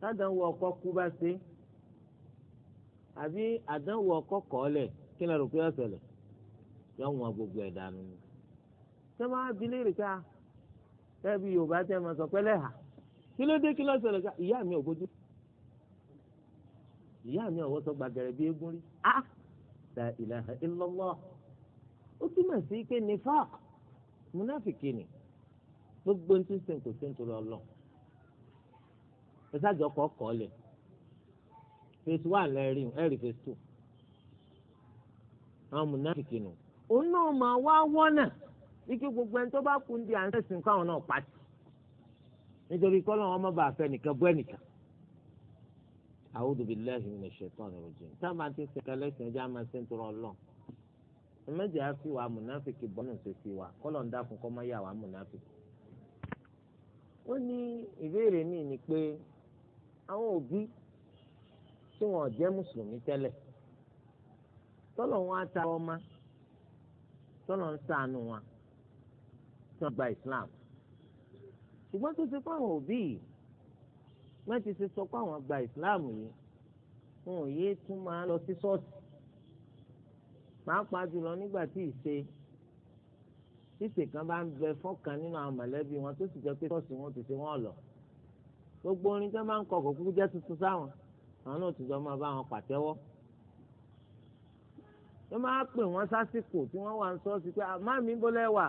S1: sádánwò ọkọ kú bá ṣe àbí àdánwò ọkọ kọ́ ọ lẹ̀ kí ni a rò pé ọ̀sẹ̀ lẹ̀ yọ wọn gbogbo ẹ̀ dànù ni. ṣé máa bi léèrè ká ẹbí yorùbá tẹ́ máa sọ pé lẹ́hà kí ló dé kí ló ṣẹlẹ̀ ká ìyá mi ò bójú ìyá mi ọ̀wọ́ sọ gbàgẹ̀rẹ̀ bí eégún rí a la ilaha illallah ó túmọ̀ sí pé nifaq munafiki ni gbogbo ní tíṣe kò sí nítorí ọlọ́run ìsájọ kọ́ kọ́ lẹ̀ phase one lẹ́rìí ẹ̀rí phase two àwọn munafiki nù òun náà máa wá wọ́nà ike gbogbo ẹni tó bá kú ń di à ń sẹ̀sìn káwọn náà pàtì nítorí kọ́ lọ́wọ́ ọmọ bá fẹ́ nìkan bọ́ ẹnìkan. A'udhu billahi minash shaitanir rajim tá a máa ti sẹ̀kẹ́ lẹ́sìn ẹjẹ́ a máa ṣe ń tọrọ ọlọ́n ẹmẹ́jẹ̀ á fi wà múnáfìkì bọ́nù ṣe fi wà kọ́lọ̀ ń dákun kọ́ mọ́ yà wà múnáfìkì. ó ní ìbéèrè mi ni pé àwọn òbí tí wọn jẹ́ mùsùlùmí tẹ́lẹ̀ tọ́lọ̀ wọn á ta ọmọ tọ́lọ̀ ń sànù wọn tí wọ́n gba islam ṣùgbọ́n tó ṣe fáwọn òbí yìí wọ́n ti ṣe sọ pé àwọn gba islam yìí wọn ò yéé tún máa lọ sí ṣọ́ọ̀ṣì pàápàá jùlọ nígbà tí ìṣe ṣíṣe kan bá ń bẹ fọ́kàn nínú àwọn mọ̀lẹ́bí wọn tó sì jẹ́ pé ṣọ́ọ̀ṣì wọn ti ṣe wọ́n lọ gbogbo orin tó máa ń kọ kò kúkú jẹ́ tuntun sáwọn àwọn náà ti jọ máa bá wọn pàtẹ́wọ́ wọ́n máa pè wọ́n sásìkò tí wọ́n wà ń sọ́ọ̀sì pé àmọ́ mi bó lẹ́wà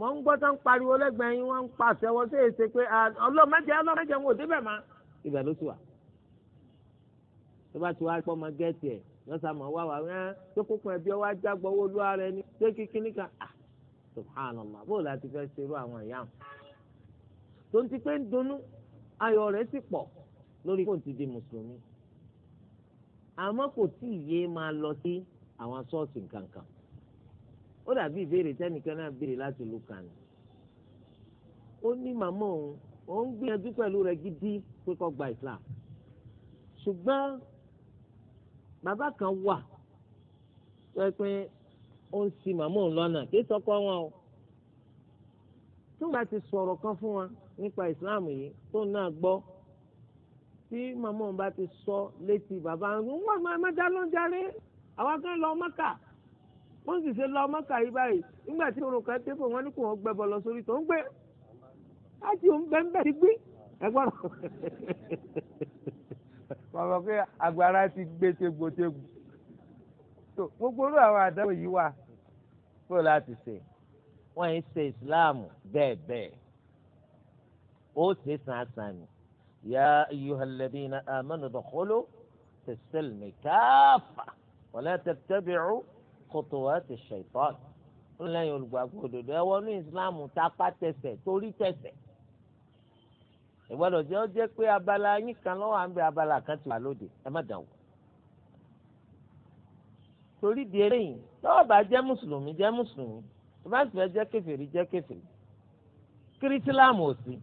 S1: mọ̀ ń gbọ́ tán pariwo lẹ́gbẹ̀ẹ́ yín wọ́n ń pàṣẹ wọ́n sì ṣe pé ọlọ́mọdé ọlọ́mọdé wọn ò débẹ̀ mọ́ ibẹ̀ ló ti wà. tó bá ti wá pọ́ ọmọ gẹ́ẹ̀tì ẹ̀ lọ́sàá mọ̀ wá wà ẹ́ tó kókun ẹ̀bí ọwọ́ ajá gbọ́wọ́ olúwa rẹ ni tó kíkí níka subhanallah bó láti fẹ́ ṣerú àwọn ìyá wọn. tó ń ti pé ń dunnú ayọ̀ rẹ̀ sì pọ̀ lórí kóńtì di mùsùlùmí àmọ́ kò tí ì yé máa àwọn ṣọ́ọ̀ṣì kankan ó dàbí ìbéèrè tẹ́nìkan náà béèrè láti lu kàní ó ní màmá òun òun gbìyànjú pẹ̀lú rẹ̀ gidi pé kó gba Islam ṣùgbọ́n bàbá kan wà tó yẹ pé ó ń sin màmá òun lọ́nà kí sọ́kọ́ wọn o tó bá ti sọ̀rọ̀ kan fún wa nípa Islam yìí tó náà gbọ́ tí màmá òun bá ti sọ létí bàbá òun wà má má dá lọ́jà rẹ̀ àwọn kan lọ mọ́kà wọ́n sì ṣe lọ mọ́kà yìí báyìí nígbà tí orun kan débò wọn ní kò wọ́n gbẹbọ lọ sórí tó ń gbé láti òun bẹ́ẹ̀ ti gbé ẹgbọ́n bàbá pé agbára ti gbé tegbòtegbò tó gbogbo orú àwọn àdáwò yìí wà fún láti ṣe wọ́n ń ṣe islam bẹ́ẹ̀ bẹ́ẹ̀ ó ṣe sàǹsàn ni ya ayyuhalladhina amanu dakhulu fi ssilmi kaffa wala tattabi'u khutuwati shaytan lẹ́yìn olùgbàgbọ́ òdodo ẹ wọnú ìsìláàmù tápá tẹsẹ̀ torí tẹsẹ̀ ìgbọ́dọ̀ jẹ́ ó jẹ́ pé abala yín kan lọ́wọ́ à ń bẹ abala kan ti wà lóde ẹ má dàn wò torí di eléyìí tọ́wọ́ bá jẹ́ mùsùlùmí jẹ́ mùsùlùmí tó bá sì fẹ́ jẹ́ kèfèrí jẹ́ kèfèrí kírísíláàmù ò sí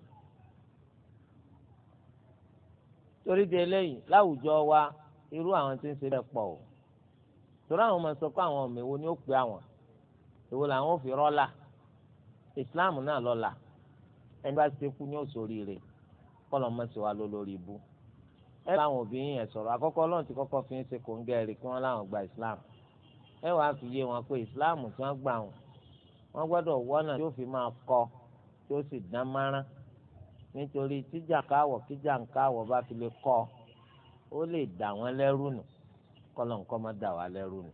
S1: torí di eléyìí láwùjọ wa irú àwọn tí ń ṣe bẹ́ẹ̀ pọ̀ o torí àwọn máa sọ pé àwọn ọmọ èwo ni ó pe àwọn èwo làwọn ò fi rọ́là ìsìláàmù náà lọ́la ẹni bá ṣe kú ní òṣòrí rẹ̀ kọ́lọ̀ mọ́ sí wa ló lórí ibú. ẹ bá àwọn òbí yẹn sọ̀rọ̀ àkọ́kọ́ ọlọ́run ti kọ́kọ́ fi ń ṣe kòńgẹ́ rè kí wọ́n láwọn gba islam ẹ wàá fi yé wọn pé islam tí wọ́n gbà wọn wọ́n gbọ́dọ̀ wọ́nà tí ó fi máa kọ tí ó sì dán márán nítorí tíjà káwọ̀ kíjà ń káwọ̀ bá fi lè kọ́ ó lè dà wọ́n lẹ́rù nù kọ́lọ̀ nǹkan má dà wá lẹ́rù ni.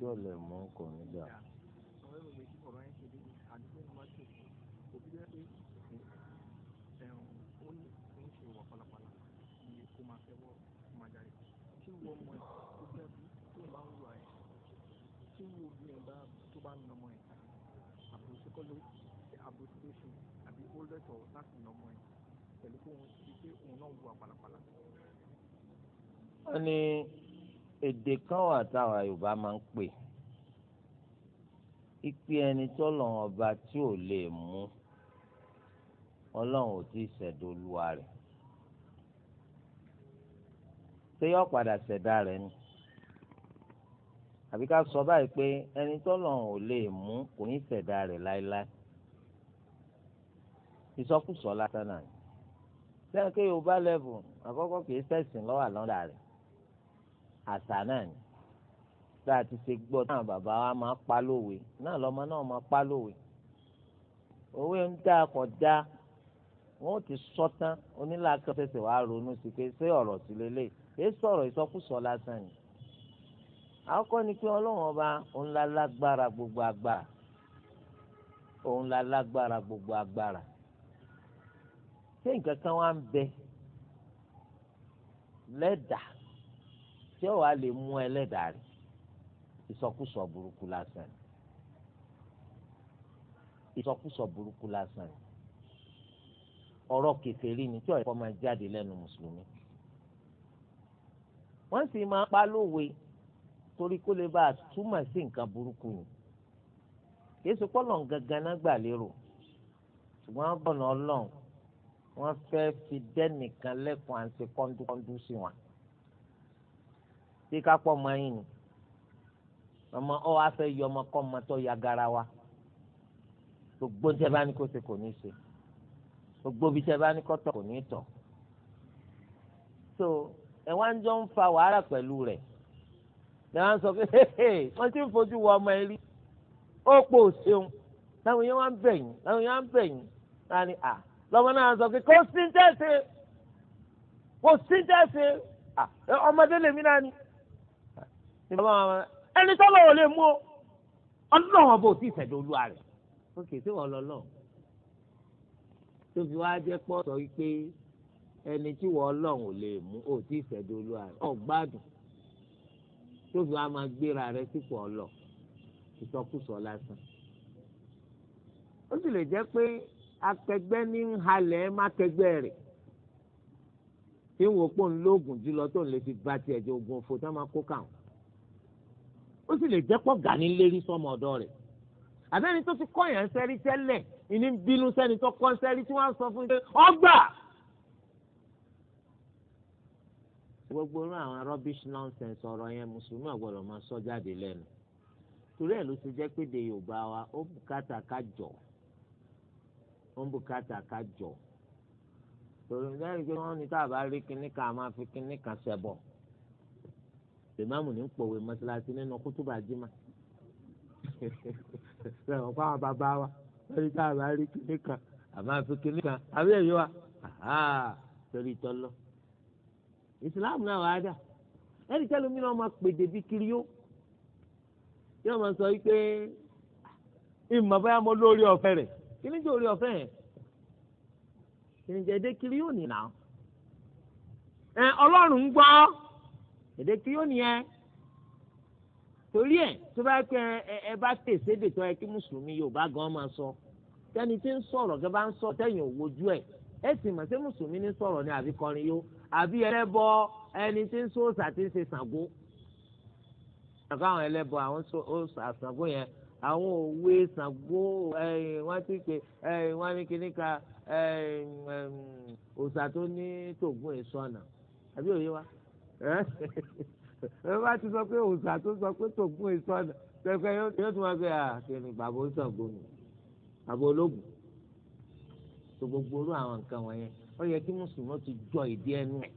S1: tí ò lè mú kò ní gbà. ó ní follow the abbreviation àbí oldest or láti nà ọmọ ẹ pẹ̀lú pé òun ti pé òun náà wù àpàlàpàlà. wọ́n ní èdè kan wà táwa Yorùbá máa ń pè ìpè ẹni tó ọba tí ò lè mú ọlọ́run ò tí ì ṣẹ̀dọ̀ rẹ̀ ṣé yọ padà ṣẹ̀dá rẹ̀ ni àbí ká sọ báyìí pé ẹni tọ́lọ̀ ò lè mú kò ní ṣẹ̀dá rẹ̀ láéláé ìsọkúsọ lásán náà ni sẹ́yìn pé yorùbá lẹ́bù àkọ́kọ́ kì í ṣẹ̀sìn lọ́wọ́ àlọ́dà rẹ̀ àṣà náà ni tá a ti ṣe gbọ́ táwọn bàbá wa máa pa lówe náà lọ́mọ náà máa pa lówe òwe ń dá akọ̀ wọn ò ti sọ tán onílàákẹ́ fẹsẹ̀ wàá ronú sí pé ṣé ọ̀rọ̀ sí lélẹ̀ èé sọ̀rọ̀ ìsọkúsọ lásán ni àkọ́kọ́ ni pé ọlọ́run ọba òun la lágbára gbogbo agbára òun la lágbára gbogbo agbára ṣé nǹkan kan wá ń bẹ lẹ́dà tí ó wàá lè mú ẹlẹ́dà rẹ̀ ìsọkúsọ burúkú lásán ni ìsọkúsọ burúkú lásán ni ọ̀rọ̀ kèfèrí ni tí ọ̀rẹ́ kọ́ máa jáde lẹ́nu mùsùlùmí wọ́n sì máa pa lówe torí kó lè bá a túmọ̀ sí nǹkan burúkú ni kìí ṣe pọ́lọ̀ gangan náà gbà lérò ṣùgbọ́n wọ́n bọ̀nà ọlọ́run wọ́n fẹ́ fi dẹ́nìkan lẹ́kùn à ń ṣe kọ́ńdúkọ́ńdú sí wọn. bí kápọ̀ ọmọ yìí ni ọmọ ọ wá fẹ́ yọ ọmọ kọ́ ọmọ tó ya gara wa gbogbo tí ẹ bá ní kó ṣe kò ní ṣe gbogbo bí tí ẹ bá ní kó tọ̀ kò ní tọ̀ so ẹ wá ń jọ ń fa wàhálà pẹ̀lú rẹ̀ ni wọ́n sọ pé wọ́n ti ń fojú wọ ọmọ ẹ rí ó pò ṣeun láwọn èèyàn wá ń bẹ̀ yín láwọn èèyàn wá ń bẹ̀ yín láàrin à lọ́mọ náà sọ pé kò sí tẹ̀sẹ̀ kò sí tẹ̀sẹ̀ ọmọdé lèmi náà ni ẹni tọ́lọ̀ ò lè mú o ọlọ́run ọba ò tí ì fẹ̀dọ̀ olúwa rẹ̀ ó kè sí wọn lọ́lọ́ tóbi wá jẹ́ pọ́ sọ pé ẹni tí wọ́n ọlọ́run ò lè mú ò tí ì fẹ̀dọ̀ olúwa rẹ̀ ọ̀gbádùn tóbi wa máa gbéra rẹ sípò ọlọ ìsọkúsọ lásán ó sì lè jẹ́ pé akẹgbẹ́ ní ń halẹ̀ mákẹgbẹ́ rẹ̀ tí ń wò pé òun lóògùn jùlọ tó ń lè fi ba tiẹ̀ jẹ oògùn òfò tó máa kó káwọn ó sì lè jẹ́ pọ̀ gani lérí sọmọ ọ̀dọ́ rẹ̀ àbẹ́ni tó ti kọ́ yẹn ń sẹ́rí tẹ́lẹ̀ ìní ń bínú sẹ́ni tó kọ́ ń sẹ́rí tí wọ́n sọ fún un pé ọgbà gbogbo irú àwọn rubbish nonsense ọ̀rọ̀ yẹn mùsùlùmí ọ̀gbọ́dọ̀ máa sọ jáde lẹ́nu torí ẹ̀ ló ti jẹ́ pé de Yorùbá wa ó bùkátà ká jọ ó bùkátà ká jọ torí lẹ́yìn pé wọ́n ní tá a bá rí kinní kan a máa fi kinní kan ṣẹbọ tèmáàmù ní pòwe mọ́ṣáláṣí nínú kútùbà jímà lẹ́yìn ọ̀pá àwọn bàbá wa lẹ́yìn tá a bá rí kinní kan a máa fi kinní kan àbí èyí wa torí tọ́lọ́ islam náà wàá dà ẹnì tẹ́lu mi náà máa pèdè bí kiri yó yóò máa sọ wípé ìmọ̀ báyà mo lórí ọ̀fẹ́ rẹ̀ kí ni jẹ́ orí ọ̀fẹ́ yẹn kí ni jẹ́ èdè kiri yó nìyà ẹ ọlọ́run ń gbọ́ èdè kiri yó nìyẹn torí ẹ tó bá pẹ ẹ bá tèsè dètò ẹ kí mùsùlùmí Yorùbá gan máa sọ tẹni tí ń sọ̀rọ̀ gẹ́gẹ́ bá ń sọ tẹ̀yìn òwojú ẹ̀ ẹ sì mọ̀ sí mùsùlùmí ní sọ̀rọ̀ ni àbí kọrin yó àbí ẹlẹ́bọ ẹni tí ń so òòṣà tí ń ṣe Ṣàngó ṣàkó àwọn ẹlẹ́bọ àwọn òòṣà Ṣàngó yẹn àwọn òwe Ṣàngó wọ́n ti pè wọ́n ní kíní ka òòṣà tó ní tògùn èso ọ̀nà àbí òye wa ẹ bá ti sọ pé òòṣà tó sọ pé tògùn èso ọ̀nà pẹpẹ yóò tún wá pé àkínní bàbá oṣù àgbọnù bàbá ológun tó gbogbo orú àwọn nǹkan wọ̀nyẹn ó yẹ kí mùsùlùmí ti jọ ìdí ẹnu ẹ̀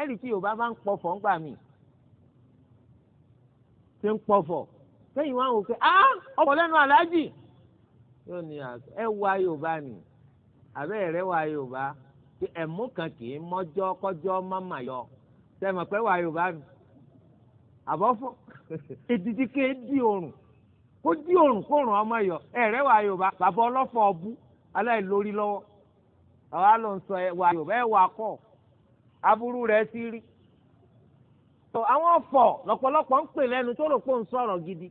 S1: ẹ̀rí tí yorùbá bá ń pọ̀fọ̀ ńgbà mí ti ń pọ̀fọ̀ sẹ́yìn wá wò pé á ọkọ̀ lẹ́nu aláàjì yóò ní ẹ wá yorùbá ni àbẹ́ ẹ̀rẹ́ wá yorùbá tí ẹ̀mú kan kì í mọ́jọ́ kọjọ́ mọ́mà yọ sẹ́mi pé wá yorùbá ni àbọ̀fọ̀ èdìdí ké di òrùn kó di òrùn kó rùn ọmọ yọ ẹ̀rẹ́ wá yorùbá bàbá ọlọ́fọ̀ ọbú aláìlórí lọ́wọ́ àwa ló ń sọ ẹwà yorùbá ẹwà kọ aburú rẹ ti rí àwọn ọ̀fọ̀ lọpọlọpọ ń pè lẹ́nu tó nsọrọ pé ń sọ̀rọ̀ gidi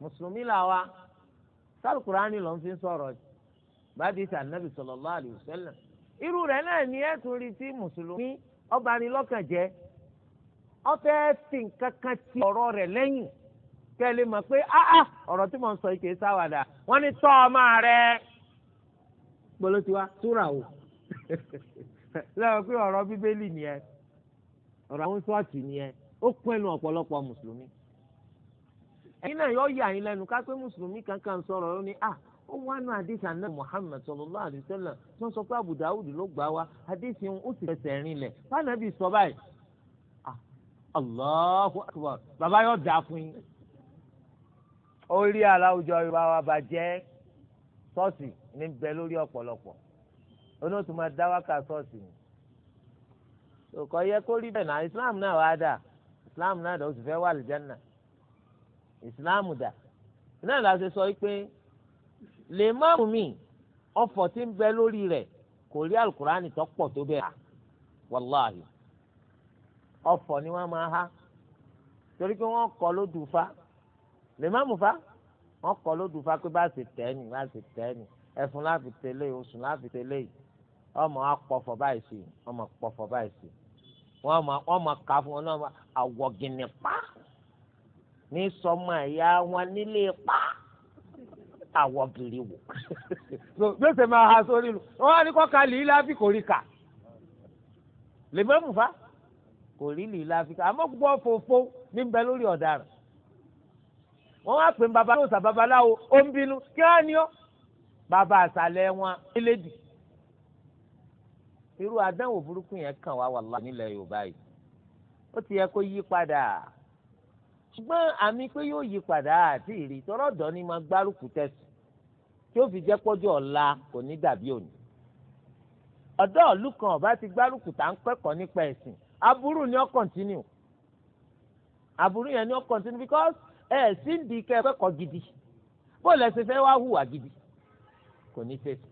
S1: mùsùlùmí làwa sálùkùránì ló ń fi sọ̀rọ̀ bàdí sànàbì sallallahu alaihi wasallam irú rẹ̀ náà ni ẹ tún rí tí mùsùlùmí ọba ni fi nǹkan kan ti lè wọ́n ni tọ́ ọmọ gbọ́dọ̀ ti wá súrà o lẹ́yìn pé ọ̀rọ̀ bíbélì nìyẹn ọ̀rọ̀ àwọn ṣọ́ọ̀ṣì nìyẹn ó pín ẹnu ọ̀pọ̀lọpọ̀ mùsùlùmí ẹ̀yin náà yọ yà yín lẹ́nu kápẹ́ mùsùlùmí kankan sọ̀rọ̀ ó ní ah ó wá nù àdìsí àná Muhammad sallallahu alaihi wasallam tó ń sọ pé Abu Dawud ló gbà wá àdìsí ó sì fẹsẹ̀ rinlẹ̀ fànàbí sọ báyìí ah, Allahu akbar bàbá yóò dà fún yín orí aláwùjọ Yorùbá wa bàjẹ́ ṣọ́ọ̀ṣì ní bẹ lórí ọ̀pọ̀lọpọ̀ onótùú máa dá wákà ṣọ́ọ̀ṣì ni òkò yẹ kó rí bẹ́ẹ̀ náà islam náà wàá dà islam náà dà ó sì fẹ́ wà lìjánà islam dà náà la ṣe sọ pé lè má mú mi ọ̀fọ̀ tí ń bẹ lórí rẹ̀ kò rí alukurani tó pọ̀ tó bẹ́ẹ̀ wàláhì ọ̀fọ̀ ni wọ́n máa há torí pé wọ́n kọ́ ló lè má mú fa wọ́n kọ́ ló pé bá ṣe tẹ́ ni bá ṣe tẹ́ ni ẹfun láfi tẹlẹ oṣù láfi tẹlẹ ọmọ akpọfọ báyìí sí ọmọ akpọfọ báyìí sí wọn ma wọn ma kà fún wọn náà àwọgìnì pa ní sọmọ ẹyà wọn nílé pa àwọgìrì wò gbèsè máa ha sórí lu wọn á ní kọ́ ka lìí láfi kò rí kà lè má fa kò rí lìí láfi kà àmọ́ gbọ́ fòfó ní bẹ lórí ọ̀daràn wọn wá pè ń babaláwo sà babaláwo ó ń bínú kí wọn á ọ bàbá àṣàlẹ̀ wọn nílẹ̀dì irú àdánwò burúkú yẹn kàn wá wà láàyè nílẹ̀ yorùbá yìí ó ti yẹ kó yí padà ṣùgbọ́n àmì pé yóò yí padà àti ìrì tọrọ ọ̀dọ́ ni máa gbárùkù tẹ̀sí tí ó fi jẹ́ pọ́jọ́ ọ̀la kò ní dàbí òní ọ̀dọ́ ìlú kan ọ̀bá ti gbárùkù tá à ń kẹ́kọ̀ọ́ nípa ẹ̀sìn aburú ni ó kọ̀ntínú aburú yẹn ni ó kọ̀ntínú because ẹ̀sìn di kẹ́kọ̀ọ́ gidi bó lẹ́sìn fẹ́ wá hùwà kò ní fèsì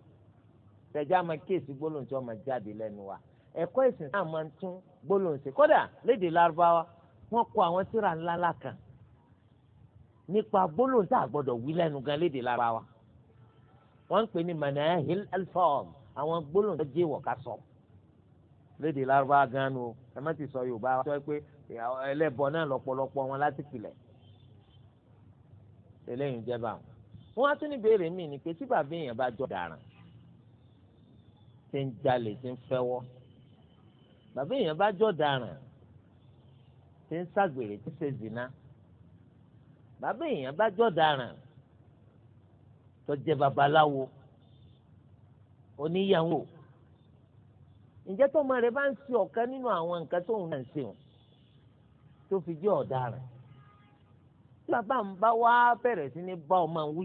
S1: tẹjá máa kíyèsí gbólóhùn tí wọn máa jáde lẹ́nu wa ẹ̀kọ́ ìsìn náà máa ń tún gbólóhùn sí kódà lédè lárúbáwá wọn kọ àwọn síra ńláńlá kan nípa gbólóhùn tá a gbọ́dọ̀ wí lẹ́nu gan lédè lárúbáwá wọn ń pè ní manahil alfam àwọn gbólóhùn tó jẹ wọká sọ lédè lárúbáwá gan o ẹ má ti sọ yorùbá wa sọ pé ẹlẹ́bọ náà lọ́pọ̀lọpọ̀ wọn láti pilẹ̀ eléyìí jẹba àwọn wọ́n á tún ní béèrè mi ni pé tí bàbá èèyàn bá jọ dàrán ti ń jalè ti ń fẹ́wọ́ bàbá èèyàn bá jọ dàrán ti ń ṣàgbèrè ti ṣe zina bàbá èèyàn bá jọ dàrán tó jẹ́ babaláwo oníyàwó ǹjẹ́ tọ́mọ rẹ̀ bá ń ṣe ọ̀kan nínú àwọn nǹkan tó ń ṣe wọn tó fi jẹ́ ọ̀daràn bàbá ń bá wá bẹ̀rẹ̀ sí ní bá ọmọ wí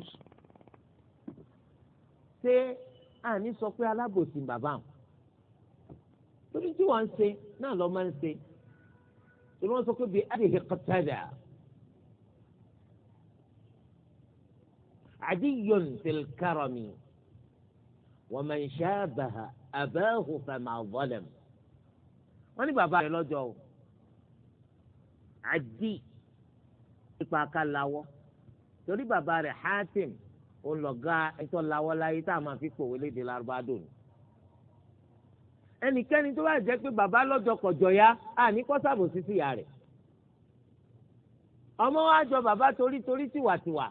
S1: ṣé àní sọ pé alábòsí bàbá àwọn torí tí wọ́n ń ṣe náà lọ́ máa ń ṣe torí wọ́n sọ pé bíi adìhì kọ́tàdà àdìyọ̀n tìlkàrọ̀mì wọ́n máa ń ṣáàbàhà àbẹ́hù fàmà vọ́lẹ̀m wọ́n ní bàbá rẹ̀ lọ́jọ́ àdìyọ̀n nípa ká lawọ́ torí bàbá rẹ̀ Hatim òun lọ̀gá ẹ̀tọ́ lawọ́ láyé tá a máa fi pòwe léde lárúbá dòní. ẹnikẹ́ni tó bá jẹ́ pé bàbá lọ́jọ́ kọjọ́ ya àní kọ́ sàbòsí sí ìyá rẹ̀ ọmọ wa jọ bàbá torí torí tiwàtiwà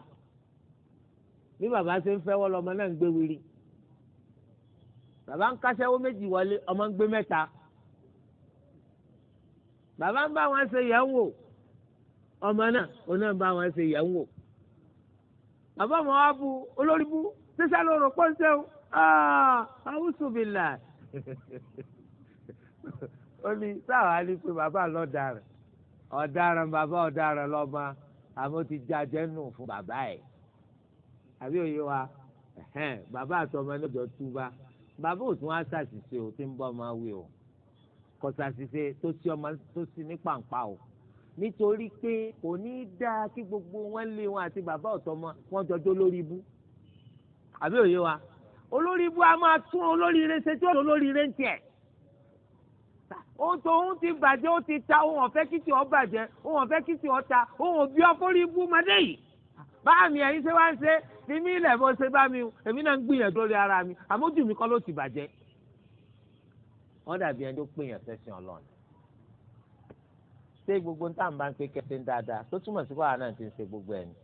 S1: bí bàbá ṣe ń fẹ́wọ́ lọ́mọ náà ń gbé wiri bàbá ń kásẹ́wó méjì wọlé ọmọ ń gbé mẹ́ta bàbá ń bá wọn ṣe yẹn wò ọmọ náà oná bá wọn ṣe yẹ̀ ń wò bàbá ọmọ wa bu olórí bu sísá ló rò pọ́ ṣe o àwùsùbìlà ah, ó ní sáà ní pé bàbá lọ́daràn ọ̀daràn bàbá ọ̀daràn lọ́mọ àmọ́ ti jajẹ́ nù fún bàbá ẹ̀ àbí òye wa bàbá àtọmọ ní ọjọ́ túbá bàbá òtún wá ṣàṣìṣe o ti ń bọ́ ọmọ wí o kò ṣàṣìṣe tó sí ọmọ tó sí ní pàǹpà o nítorí pé kò ní í dáa kí gbogbo wọn lé wọn àti bàbá ọ̀tọ́mọ wọn jọjọ lórí ibú àbí òye wa olórí ibú a máa tún olórí ire ṣe tí ó lò olórí ire ń tiẹ̀ ohun tó ń ti bàjẹ́ ó ti ta ohun ọ̀fẹ́ kìtì ọ́ bàjẹ́ ohun ọ̀fẹ́ kìtì ọ́ ta ohun òbí ọkùnrin ibú madé yìí báà mi ẹ̀yin ṣe wá ń ṣe ní mí ilẹ̀ bó ṣe bá mi èmi náà ń gbìyànjú lórí ara mi àmójú mi kọ́ ló ti bàjẹ́ wọ́n dàbí ẹni tó pè yàn sẹ́sìn ọlọ́run ṣé gbogbo ń tàǹbà ń pé kẹsẹ̀ ń dáadáa tó túmọ̀ sí pàwọn náà ti ń ṣe gbogbo ẹ̀ ni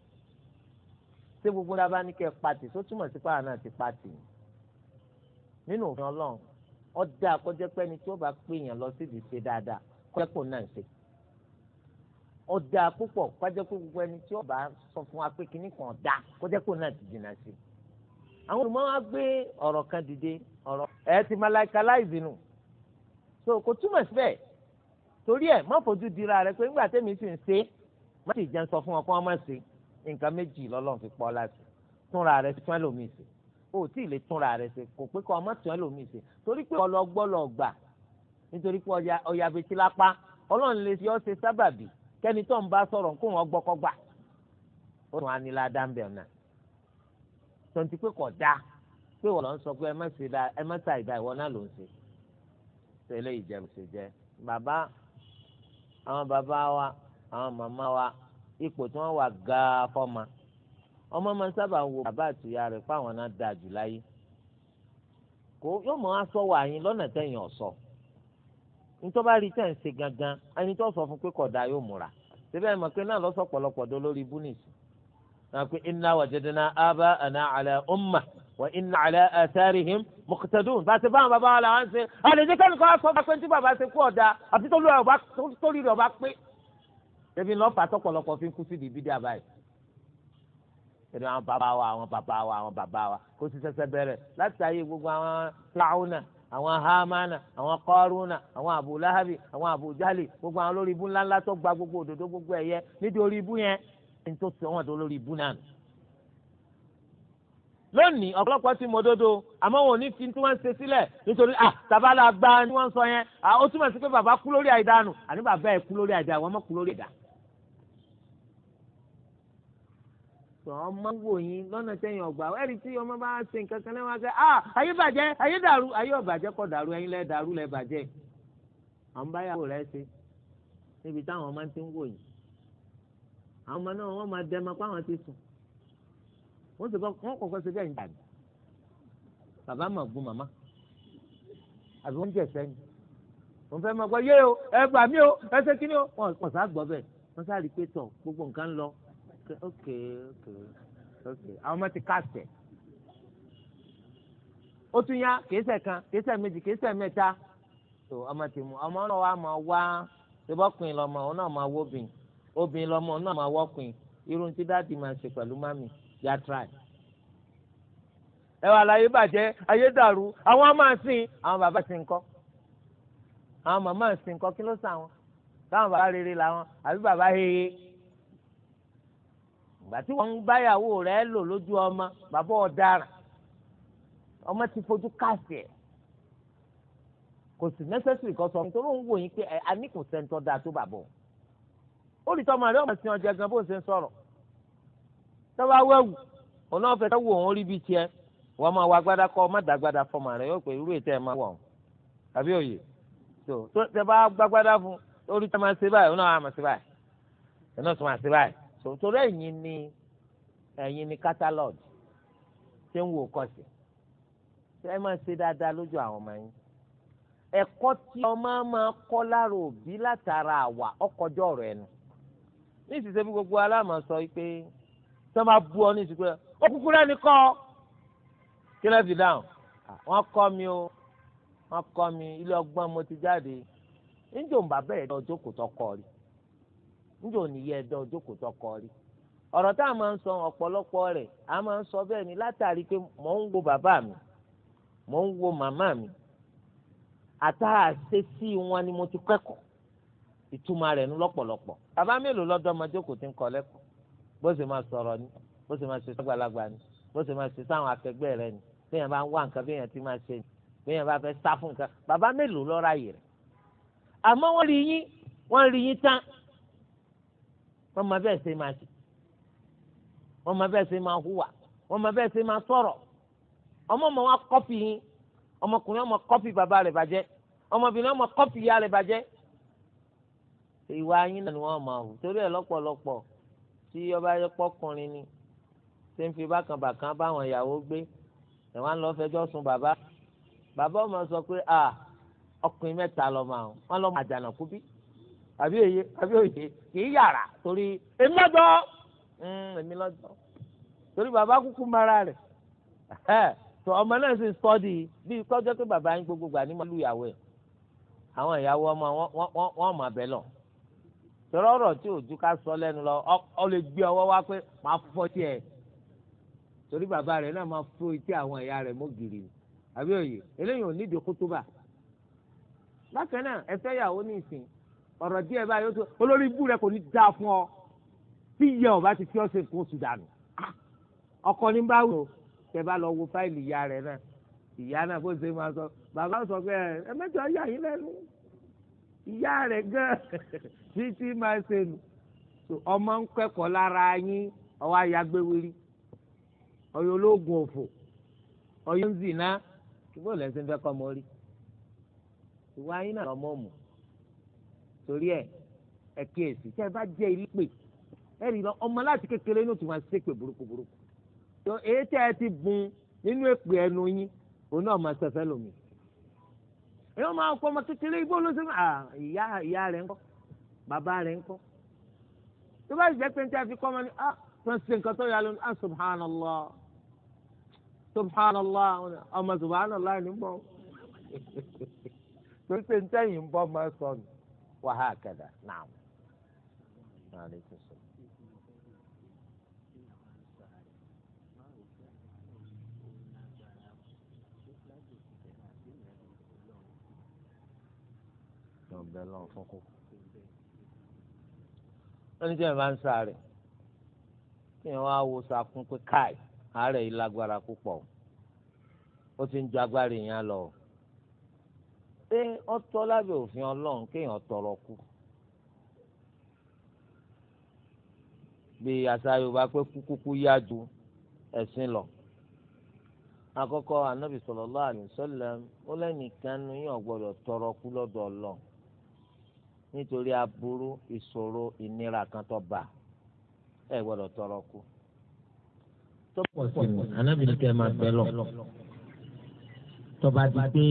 S1: ṣé gbogbo ńlá bá ní kẹ́ pati tó túmọ̀ sí pàwọn náà ti pati nínú òfin ọlọ́run ó dáa kó jẹ́ pé ẹni tí ó bá pè yàn lọ sídìí ṣe dáadáa kọ́lẹ́kùn náà ń ṣe ó dáa púpọ̀ kó jẹ́ pé gbogbo ẹni tí ó bá sọ fún wa pé kinní kan dá kó jẹ́ pé náà ti jìnnà sí i àwọn olùmọ̀ wa gbé ọ̀rọ̀ kan dìde ọ̀rọ̀ ẹ̀ ti malaikalize nù so kò túmọ̀ sí torí ẹ̀ má fojú dira rẹ pé nígbà tẹ́mi sì ń ṣe má sì jẹun sọ fún ọ kó wọn má ṣe nǹkan méjì lọ́lọ́run fi pọ́ láti túnra rẹ fún ẹlòmíì ṣe o tí ì lè túnra rẹ ṣe kò pé kó ọmọ tún ẹlòmíì ṣe torí pé ọlọgbọ́lọ̀ gbà nítorí pé ọya abetí lápá ọlọ́run lè fi ọ́ ṣe sábàbí kẹ́ni tó ń bá sọ̀rọ̀ kó wọn gbọ́kọ́ gbà ó tún anilá dáńbẹ̀ náà tonti pé kò dáa pé wọ́n lọ ń sọ pé ẹ má ṣe dáa ẹ má ṣàìdá ìwọ náà ló ń ṣe tẹ́lẹ̀ ìjẹun ṣe bàbá àwọn bàbá wa àwọn màmá wa ipò tí wọ́n wà gáà fọ́ma ọmọ máa ń sábà wo bàbá àtìyá rẹ fáwọn náà dáa jù láyé kò yóò mọ aṣọ wà yín lọ́nà tẹ̀yìn ọsọ. nítorí bá rí gangan ẹni tó sọ fún pé yóò múra síbẹ̀ mọ̀ pé náà lọ́sọ̀ náà pé inna wajadna aba'ana ala umma wa inna ala atharihim muqtadun bá báwọn bàbá wa làwọn ṣe àlejò kẹ́nìkan sọ pé tí bàbá ṣe kú ọ̀dà àfi tórí rẹ̀ ọba pé ṣebí lọ́ọ́ fà tọ́pọ̀lọpọ̀ fi kú sí ibi dí àbáyé ẹni àwọn bàbá wa àwọn bàbá wa àwọn bàbá wa kò sì ṣẹ̀ṣẹ̀ bẹ̀rẹ̀ láti ayé gbogbo àwọn flauna àwọn hamana àwọn kọruna àwọn abulahabi àwọn abujali gbogbo àwọn lórí ibú ńláńlá tó gba gbogbo òdòdó gbogbo ẹyẹ nídìí orí ibú yẹn ní tó sọ wọn tó lórí ibú náà nù. lónìí ọ̀pọ̀lọpọ̀ ti mọ dodo àmọ́ wọn ò ní fi tí wọ́n ń ṣe sílẹ̀ nítorí à ah, tabala gba ni wọ́n sọ yẹn à ah, ó túmọ̀ sí pé bàbá kú lórí àìdánù àní bàbá ẹ̀ kú lórí àìdá àwọn ọmọ kú lórí àìdá. ọmọ wò yín lọ́nà tẹ̀yìn ọgbà ẹ̀rí tí ọmọ bá ṣe nǹkan kan lẹ́wọ̀n ṣe ah ayé bàjẹ́ ayé dàrú ayé ọ̀bàjẹ́ kọ̀ dàrú ẹ̀yin lẹ́ dàrú lẹ́ bàjẹ́ àwọn báyàwó rẹ̀ ṣe níbi táwọn ọmọ ti ń wò yín àwọn ọmọ náà wọ́n máa dẹ́ ẹmọ pé àwọn ti sùn wọ́n sì kọ́ wọ́n kọ́kọ́ ṣe bẹ́ẹ̀ ń dàgbà bàbá mà gún màmá àbí wọ́n ń jẹ̀sẹ́ ni wọ́n fẹ́ máa gbọ́ yé o ẹ bà mí o ẹ ṣe kíní o wọ́n pọ̀ sá gbọ́ bẹ́ẹ̀ wọ́n sá rí i pé tọ̀ gbogbo nǹkan ń lọ ok ok ok àwọn ọmọ ti kásẹ̀ ó tún yá kéésẹ̀ kan kéésẹ̀ méjì kéésẹ̀ mẹ́ta tó ọmọ ti mú ọmọ náà wá máa wá ṣe bọ́kùnrin lọ́mọ òun náà máa wóbìn obìnrin lọmọ náà máa wọ́kùn irun tí dáàdì máa ṣe pẹ̀lú mami yá try. ẹ wà láyé bàjẹ́ ayé dàrú àwọn máa sìn àwọn bàbá sì ń kọ́ àwọn màmá sì ń kọ́ kí ló sàn wọn táwọn bàbá rere làwọn àbí bàbá heye ìgbà tí wọ́n ń báyàwó rẹ̀ lò lójú ọmọ bàbá ọ̀daràn ọmọ ti fojú káàsì ẹ̀ kò sì necessary kó sọ nítorí òun wò yín pé àní sẹ́ńtọ́ dáa tó bàbá òun ó rí tọmọ rẹ ọmọ sí ọjà gan bó ṣe ń sọ̀rọ̀ tọba wẹwù òun náà fẹ́ wò òun rí bíi tiẹ̀ wọn máa wá agbada kọ má dàgbada fọmọ rẹ yóò pé irú ètò ẹ máa wọ àbí òye tó tẹ bá gbàgbada fún orí máa ṣe báyìí òun náà máa ṣe báyìí náà tún máa ṣe báyìí tó torí ni ẹ̀yin ni catalog ṣé ń wò ẹ máa ṣe dáadáa ní ìsinsẹ́ bí gbogbo aláàmọ̀ sọ pé sọ ma bu ọ ní ìsìnkú rẹ ó kúkú lẹ́ni kọ́ kí lẹ́ fi dáhùn ah. wọ́n kọ́ mi o wọ́n kọ́ mi ilé ọgbọ́n mo ti jáde níjọ́ bàbá ẹ̀dọ́ ọjọ́ kò tọkọ rí níjọ́ nìyẹ ẹ̀dọ́ ọjọ́ kò tọkọ rí ọ̀rọ̀ tá a máa ń sọ ọ̀pọ̀lọpọ̀ rẹ̀ a máa ń sọ bẹ́ẹ̀ ni látàrí pé mò ń wo bàbá mi mò ń wo màmá mi àtàrà àṣesí wọn ni mo ti kẹ́kọ̀ọ́ ìtumọ̀ rẹ̀ ní lọ́pọ̀lọpọ̀ bàbá mélòó lọ́dọ̀ ọmọ jókòó ti ń kọ́ lẹ́kọ̀ọ́ bó ṣe máa sọ̀rọ̀ ni bó ṣe máa ṣe sọ́gbàlagbà ni bó ṣe máa ṣe sáwọn akẹgbẹ́ rẹ ni béèyàn bá ń wá nǹkan béèyàn ti máa ṣe ni béèyàn bá fẹ́ sá fún nǹkan bàbá mélòó ló ráyè rẹ̀ àmọ́ wọ́n rí yín wọ́n rí yín tán wọ́n máa bẹ́ẹ̀ ṣe máa ṣe wọ́n máa bẹ́ẹ̀ ṣe máa hùwà wọ́n máa bẹ́ẹ̀ ṣe máa sọ̀rọ̀ ọmọ ọmọ wa kọ́pì yín ọmọkùnrin ọmọ kọ́pì bàbá rẹ̀ bàjẹ́ ọmọbìnrin ọmọ kọ́pì ìyá rẹ̀ bàjẹ́ ìwà yín náà ni wọ́n máa hù torí ẹ̀ lọ́pọ̀lọpọ̀ tí ọba pọ́kùnrin ni ṣé ń fi bákànbàkàn báwọn ìyàwó gbé ẹ̀wọ̀n lọ fẹjọ́ sùn bàbá bàbá ọmọ sọ pé à ọkùnrin mẹ́ta lọ máa hù wọ́n lọ́ àjànà kú bí àbí òye àbí òye kì í yàrá torí èmi lọ́jọ́ hmm, èmi lọ́jọ́ torí bàbá kúkú mara rẹ̀ tó ọmọ náà sì sọ́ọ̀dì bíi kọ́jọ́ pé bàbá yín gbogbo gbà ní màlúù ìyàwó ẹ̀ àwọn ìyàwó ọmọ wọn wọn wọn ọmọ abẹ lọ sọ̀rọ̀ ọ̀rọ̀ tí òjú ká sọ lẹ́nu lọ ọ lè gbé ọwọ́ wá pé màá fọ́ tiẹ̀ torí bàbá rẹ̀ náà máa fún etí àwọn ẹ̀yà rẹ̀ mọ́gìrì àbí òye eléyìí ò nídìí kútúbà bákan náà ẹ̀fẹ́ yàwó ní ìsìn ọ̀rọ̀ díẹ̀ báyìí ó tó olórí ibú rẹ̀ kò ní dáa fún ọ tí ìyá ọba ti fi ọ ṣe nǹkan oṣù dànù ah! ọkọ ní bá wò tẹ bá lọ wo fáìlì ìyá rẹ̀ náà ìyá náà bó ṣe máa sọ bàbá sọ pé ẹ mẹ́jọ yà yín lẹ́nu ìyá rẹ̀ gan títí máa ṣe nù ọmọ ń kẹ́kọ̀ọ́ lára yín ọwọ́ ayagbéwìrì ọyọ ológun òfò ọyọ ń zìnà ṣùgbọ́n lẹ́sìn fẹ́ na ọmọ rí ìwà yín náà torí ẹ, ẹ kíyèsí tẹ́ ẹ bá jẹ́ ilé ẹ rí lọ ọmọ láti kékeré ní burúkú burúkú èyí ẹ ti bùn nínú èpè ẹnu yín òun èèyàn máa kọ ọmọ kékeré igbó ló ṣe ah ìyá ìyá rẹ̀ ń kọ́ bàbá rẹ̀ ń kọ́ tó bá jẹ́ pé ní tí a fi kọ́ ọmọ ni ah tó ń ṣe nǹkan tó yà lónìí ah subhanallah subhanallah ọmọ subhanallah ni bọ́ tó ń ṣe ní tẹ́yìn bọ́ máa sọ wàhálà kẹ̀dà náà. èèyàn bẹ lọ fún kú. wọ́n ní tí wọ́n bá ń sáré kí wọ́n wá wo sakun pé káì àárẹ̀ yìí lágbára púpọ̀ ó ti ń ju agbára èèyàn lọ. ṣé ó tọ́ lábẹ́ òfin ọlọ́run kéèyàn tọrọ kú. bí àṣà yorùbá pé kúkúkú yá ju ẹ̀sìn lọ àkọ́kọ́ anabi sallallahu alaihi wasallam ó lẹ́nìkan nu yín ò tọrọ kú lọ́dọ̀ Ọlọ́run nítorí aburú ìṣòro ìnira kan tó bá ẹ gbọ́dọ̀ tọrọ kú. tó pọ̀ sí i anábìrin kẹ́ máa bẹ́ lọ tọba di pé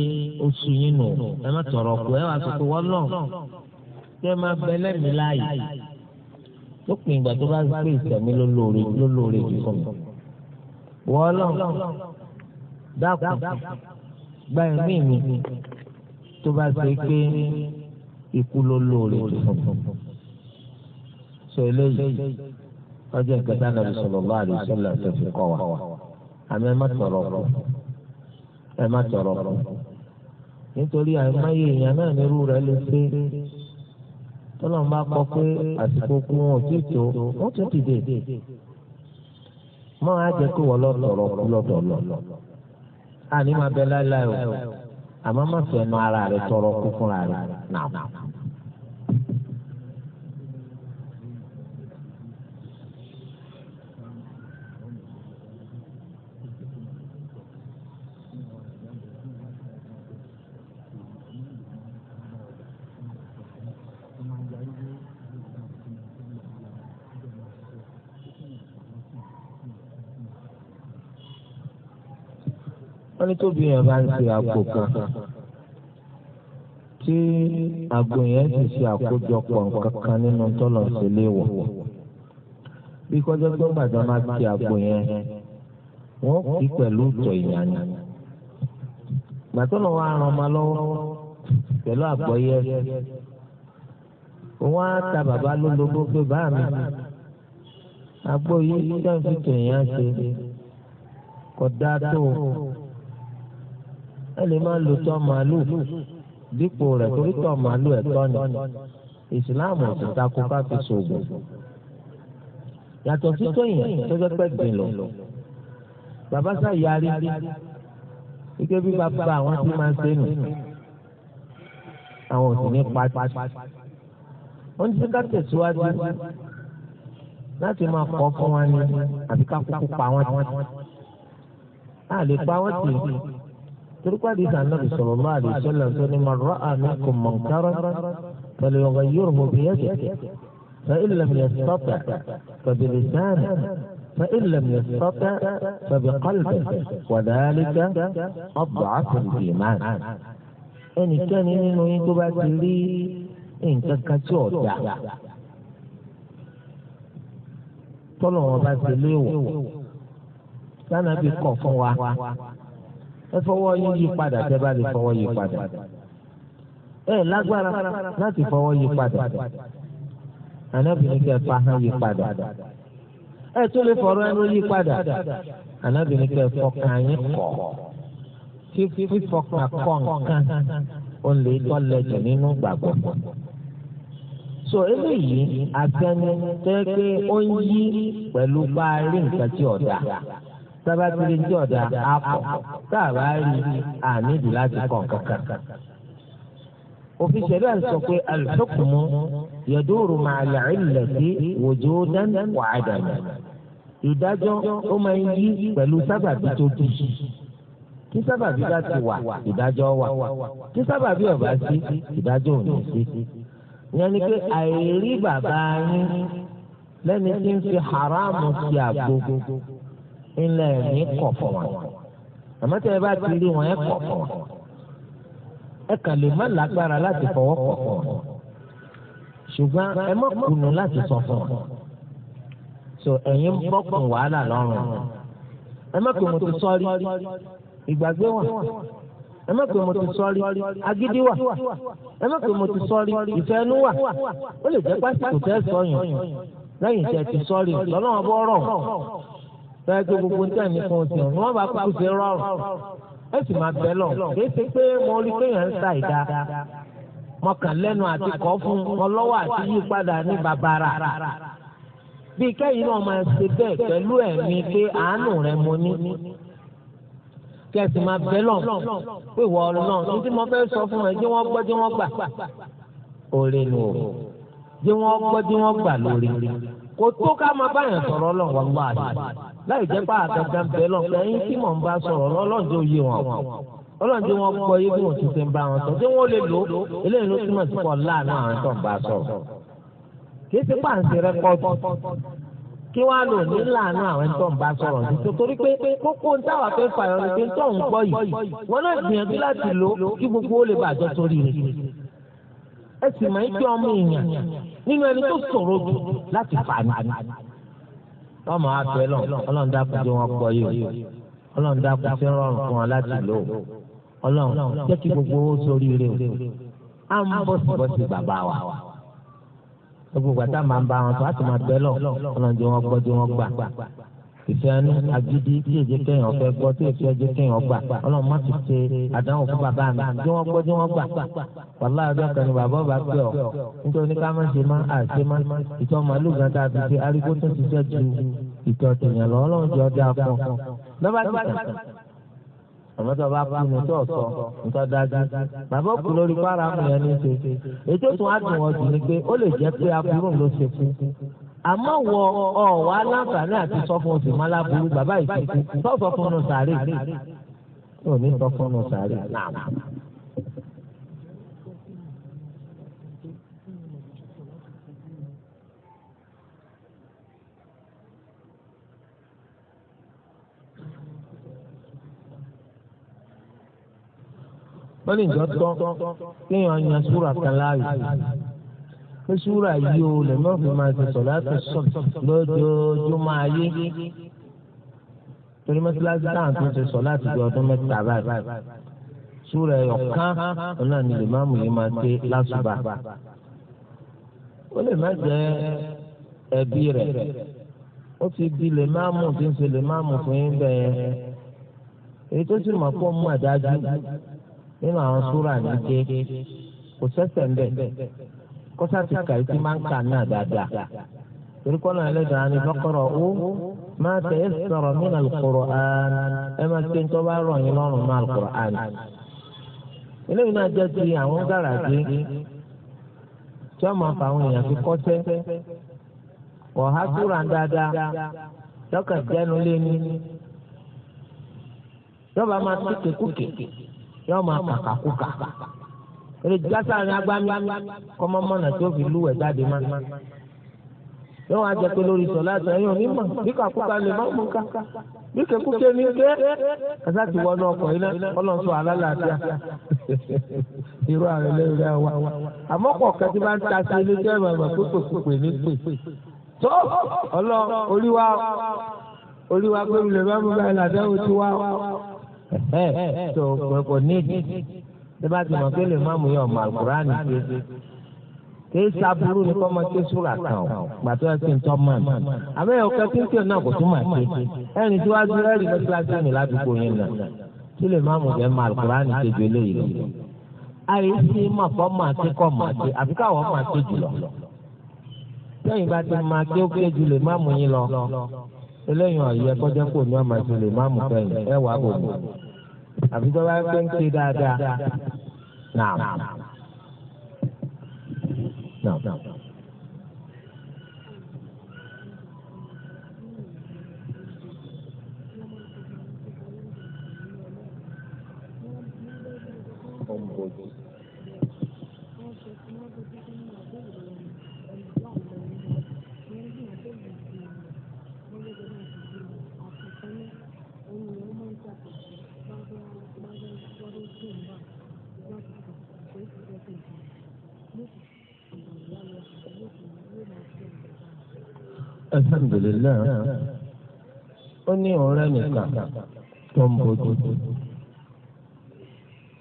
S1: ó sun yín nù ẹ má tọrọ kú ẹ wá sọ pé wọ́n lọ kẹ́ máa bẹ lẹ́mìí láàyè tó pin ìgbà tó bá gbé ìsẹ̀mí ló lóore ló lóore jù fún mi. wọ́n lọ dákun gba ẹ̀mí mi tó bá ṣe pé. ikú ló lóore tó so eléyìí ọjọ́ ìkẹta nàbì sallallahu alaihi wasallam tó fi wa àmì tọrọ fún ẹ má tọrọ fún nítorí àìmáyé èèyàn náà nírú lè ṣe bá kọ pé àsìkò tí tó tún mọ́ á jẹ́ kó wọ́n lọ tọrọ kú lọ àní máa bẹ láéláé o àmọ́ má fẹ́ ara tọrọ kú wọ́n ní tóbi yẹn bá ń ṣe àpò kan tí àgbo yẹn sì ṣe àkójọpọ̀ kankan nínú tọ́lọ̀ sílé wọ̀ bí kọjá tó gbàdá máa ti àgbo yẹn wọ́n kì í pẹ̀lú ìtọ̀ ìyànnì gbàtọ́nà wa ràn ọmọ lọ́wọ́ pẹ̀lú àgbọ̀yẹ wọ́n á ta bàbá lólobó pé bá mi àgbo yìí sẹ́yìn fi tò yẹn ṣe kọ̀dá tó ẹ lè máa lo tọ́ màálù dípò rẹ̀ torí tọ́ màálù ẹ̀tọ́ ni ìsìláàmù ti takò ká fi ṣògùn. yàtọ̀ sí tóyìn tọ́jọ́ pẹ́ gbìn lọ bàbá sá yarí ike bí bàbá àwọn tí máa ń ṣe nù àwọn òsì ní pátá wọ́n ti ká tẹ̀síwájú láti máa kọ́ fún wa ní àbíká kúkú pa wọ́n tí a lè pa wọ́n tì di sana nabi sallallahu alaihi wasallam tó ní man ra'a minkum munkaran falyughayyirhu biyadihi فإن لم يستطع فبلسانه فإن لم يستطع فبقلبه وذلك أضعف الإيمان إن كان منه يتبع لي إن كتوتا tọ́lọ̀ wọn bá ti léwò sanabi kọ̀ fún wa ẹ fọwọ́ yín yí padà tẹ́ bá lè fọwọ́ yí padà ẹ lágbára láti fọwọ́ yí padà anábìnrin kẹ fa hàn padà ẹ tó lè fọ̀rọ̀ ẹnu yí padà anábìnrin kẹ fọkàn yín kọ̀ fífọkàn kọ̀ nǹkan ó lè tọ́ lẹ́jọ̀ nínú gbàgbọ́ so eléyìí àtẹnu tẹ́ pé ó ń yí pẹ̀lú bá nǹkan tí sábà tí lè jẹ́ ọ̀dà àpọ̀ tá a bá rí àníbi láti kàn kankan. òfin ṣẹlẹ̀ ń sọ pé al-hukmu yaduru ma'al 'illati wujudan wa 'adaman. ìdájọ́ ó máa ń yí pẹ̀lú sábàbí tó dùn kí sábàbí bá ti wà ìdájọ́ wà kí sábàbí ò bá sí ìdájọ́ ò ní sí. ìyẹn ni pé àìrí bàbá yín lẹ́ni tí ń fi haramu sí àgbo ńlẹ̀ ní kọ̀ fún wọn àmọ́ tẹ́ ẹ bá ti rí wọn ẹ kọ̀ fún wọn ẹ kàn lè má lágbára láti fọwọ́ kọ̀ fún wọn ṣùgbọ́n ẹ má kùnú láti sọ fún wọn so ẹ̀yin bọ́kùn wàhálà lọ́rùn ẹ má pè mo ti sọ́rí ìgbàgbé wà ẹ má pè mo ti sọ́rí agídí wà
S2: ẹ má pè mo ti sọ́rí ìfẹ́nu wà ó lè jẹ́ pásítọ̀ tẹ́ sọ bẹ́ẹ̀ tó gbogbo ń tàn ní fún oṣù ni wọ́n bá kúkú ṣe rọrùn ẹ sì máa bẹ́ lọ kì í ṣe pé mo rí kéèyàn ń sa ìdá
S1: mo kàn lẹ́nu àti kọ́ fún mo lọ́wọ́ àti yí padà ní bàbàrà bí kẹ́yìn náà máa ṣe bẹ́ẹ̀ pẹ̀lú ẹ̀mí pé àánú rẹ mo ní kẹsì máa bẹ́ lọ pé ìwọ ọ̀rọ̀ náà ní tí mo fẹ́ sọ fún ẹ jẹ́ wọ́n gbọ́ jẹ́ wọ́n gbà òrè nù jẹ́ wọ́n gbọ́ jẹ́ wọ́n gbà lórí rí kò tó ká máa báyàn sọ̀rọ̀ lọ wà wá àdé láì jẹ́ pé àgàgà bẹ́ẹ̀ lọ pé ẹ̀yin tí mò ń bá sọ̀rọ̀ lọ́lọ́dún yé wọn
S2: ọlọ́dún wọn gbọ́ yé bí wọ́n ti
S1: ti ń bá wọn sọ tí wọ́n lè lò eléyìí ló túmọ̀ sí pọ̀ láàánú àwọn tó ń bá sọ̀rọ̀ kì í ti pàǹsì rẹ pọ̀ kí wàá lò ní láàánú àwọn tó ń bá sọ̀rọ̀ nítorí torí pé kókó ń táwa fẹ́ fà yọ ni pé tó ń gbọ́ yìí wọn náà gbìyànjú láti lò kí gbogbo ó lè bàjọ́ sórí rẹ̀ ẹ sì mọ̀ ẹ́ kí ọmọ èèyàn nínú ẹni tó ṣòro jù láti fàánù tọ́mọ̀ àtọ́ ẹlọ́n ọlọ́run dákun tí wọ́n pọ̀ yìí ọlọ́run dákun tí ń rọrùn fún wọn láti lò ó ọlọ́run jẹ́ kí gbogbo owó sórí rẹ̀ o á ń bọ̀sibọ̀si bàbá wa gbogbo gbàtà máa ń bá wọn tó a ti máa bẹ́ lọ ọlọ́run tí wọ́n pọ̀ tí wọ́n gbà ìfẹ́nu agídí tí èjì kéèyàn fẹ́ gbọ́ tí èjì ẹjẹ kéèyàn gbà ọlọ́run má ti ṣe àdánwò fún bàbá mi tí wọ́n gbọ́ tí wọ́n gbà wàlá ọjọ́ kan ni bàbá ọba pẹ́ ọ nítorí ká má ṣe má àṣe má ìtọ́ màálù gan tá a fi ṣe arígbó tó ti ṣe ju ìtọ́ tèèyàn lọ ọlọ́run jọ dá fún un lọ́ba tó kàn àmọ́ tó bá kú mi tó sọ nǹkan dájú bàbá òkú lórí fáráàmù yẹn ní í ṣe ètò tó wá dùn ọ́ jù ni pé ó lè jẹ́ pé aburú ló ṣe kú àmọ́ wọ ọ wà láǹfààní àti sọ́fún oṣù mọ́lá burú bàbá ìsìnkú sọ́fún fún un sàárè ò ní sọ́fún un sàárè náà. wọ́n lè jọ tán kéèyàn yan súra kan láàyè pé súrà yìí o lè má fi máa ṣe sọ̀lá tó sọ̀ lójoojúmọ́ ayé torí mọ́tíláṣí táwọn tó ń ṣe sọ̀lá ti di ọdún mẹ́ta báyìí súrà ẹ̀yọ̀kan náà ni lè má mú yín máa ṣe lásùbà
S2: ó lè má jẹ́
S1: ẹbí rẹ̀ ó ti di lè má mú tí ń fún yín bẹ́ẹ̀ èyí tó sì mọ̀ pọ̀ mú àdájú nínú àwọn súrà ní kò sẹ́sẹ̀ ń bẹ̀ kọ́sá ti kà ìtì máa ń kà náà dáadáa torí kọ́nà ẹlẹ́dàá ni bọ́kọ̀rọ̀ ó máa tẹ̀ ẹ́ sọ̀rọ̀ nínú alukoro án ẹ máa ké tó bá rọ̀ yín lọ́rùn mọ́ alukoro án. eléyìí náà jẹ́ ti àwọn gàràjì tí wọ́n máa fa àwọn èèyàn fi kọ́sẹ́ ọ̀há túra dáadáa lọ́kàn jẹ́nu lé yọ́ba máa tó kékúkè yọ́ máa kàkàkúkà ó lè jù lásàárín agbámi kọ́mọ́ mọ́nà tí ó fi lúwẹ̀ jáde má. yóò wá jẹ pé lórí sọ láti ẹ̀yìn onímọ̀ bí kàkúkà lè má mú ká bí kẹkúkẹ ní ké
S2: kàtà ti wọnú ọkọ̀ iná ọlọ́sọ alálàáfíà
S1: irú ààrẹ lẹ́yìn rẹ̀ wá. àmọ́ pọ̀ kẹ́tí bá ń ta sí ilé jẹ́ ìmọ̀ ìmọ̀ pípèpípè ní pè. tó ọlọ oríwá oríwá gbẹ̀rù lè má mú báyìí làdáwò tí wá. tó pẹ̀pọ̀ nídìí tẹ́lá ti mọ̀ pé lè má mú yàn ọmọ àlùkùránì ké kéé sábúrú ni kọ́mọ ké súrà kan o gbàtọ́ ẹ ti ń tọ́ mọ́ mi àbẹ́yẹ ọ̀kẹ́ kíntìn náà kò tún mà ké ẹni tí wàá dúró ẹ̀rí mẹ́tíláṣí mi ládùúgbò yẹn nà tí lè má mú yẹn mọ àlùkùránì ké ju eléyìí lọ. ayé sí màkọ́ máa ké kọ́ máa ké àfi káwọn máa ké jù lọ. sẹ́yìn bá ti máa ké ó ké ju lè má mú yín lọ eléyìí ọ̀yẹ́ àbí tó bá yẹ pé ń ṣe dáadáa náà. alhamdulilayi ó ní ọ̀rẹ́ nìkan tó ń bójú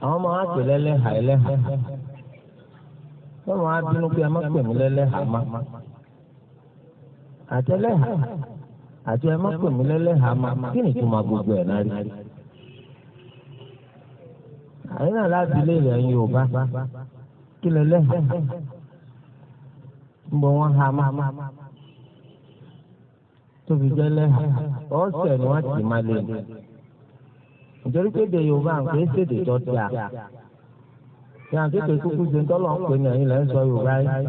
S1: àwọn máa pè lẹ́lẹ́hà ẹlẹ́hà wọ́n máa bínú pé a máa pè mí lẹ́lẹ́hà má àtẹlẹ́hà
S2: àti ẹ máa pè mí lẹ́lẹ́hà má kí ni ìtumọ̀ gbogbo ẹ̀ náà rí
S1: àyìn náà láti ilé rẹ̀ ń Yorùbá kí lẹ́lẹ́hà ń bọ̀ wọ́n hà má. tóbi jẹlẹ ọsẹ ni wọn ti máa lè nítorí pé èdè yorùbá à ń pè é ṣèdè tó dà ṣé à ń kékeré kúkú ṣe ń tọ́lọ̀ ń pè ní ẹ̀yìn lẹ́ ń sọ yorùbá yìí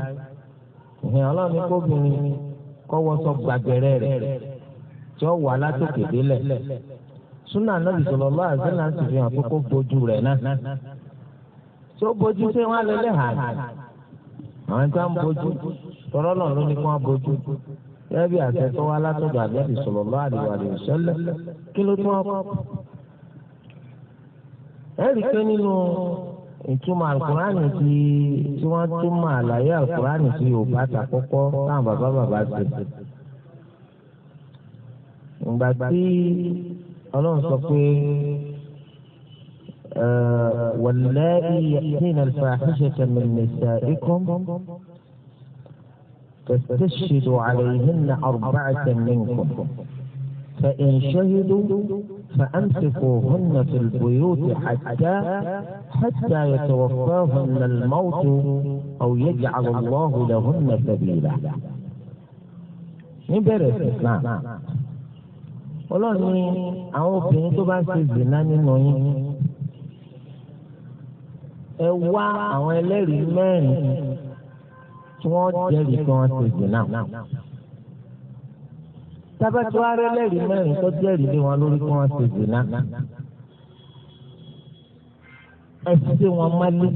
S1: ìhìn ọlọ́run ní kóbìnrin kọ́wọ́ sọ gbàgbẹ́rẹ́ rẹ̀ tí ó wà látòkè délẹ̀ súnà anábì sọ̀rọ̀ lọ́wọ́ àzẹ́là ń sìnkú hàn kókó bójú rẹ̀ náà tí ó bójú pé wọ́n á lọ àwọn tí wọ́n bójú tọ́lọ́ gẹ́gẹ́ bí àtẹ̀tọ́ wa látọ̀dọ̀ àgbẹ̀bí sallallahu alaihi wasallam kí ló tún ọkọ̀. ẹ rí i pé nínú ìtumọ̀ alukurani ti tí wọ́n túmọ̀ àlàyé alukurani ti yorùbá tàkọ́kọ́ táwọn bàbá bàbá ti. ìgbà tí ọlọ́run sọ pé wallā'i ya'tīna al-fāḥishata min nisā'ikum. فاستشهدوا عليهن أربعة منكم فإن شهدوا فأمسكوهن في البيوت حتى
S2: حتى يتوفاهن الموت
S1: أو يجعل الله لهن سبيلا níbẹ̀rẹ̀ islam ọlọ́run ni àwọn في tó bá ń ṣe ẹ wá àwọn ẹlẹ́rìí mẹ́rin tí wọ́n jẹ́rìí kí wọ́n ṣe zina. sábàtú arẹ́lẹ́rìí mẹ́rin tó jẹ́rìí lé wọn lórí kí wọ́n ṣe zina. ẹ ti ṣe wọn mọ́lé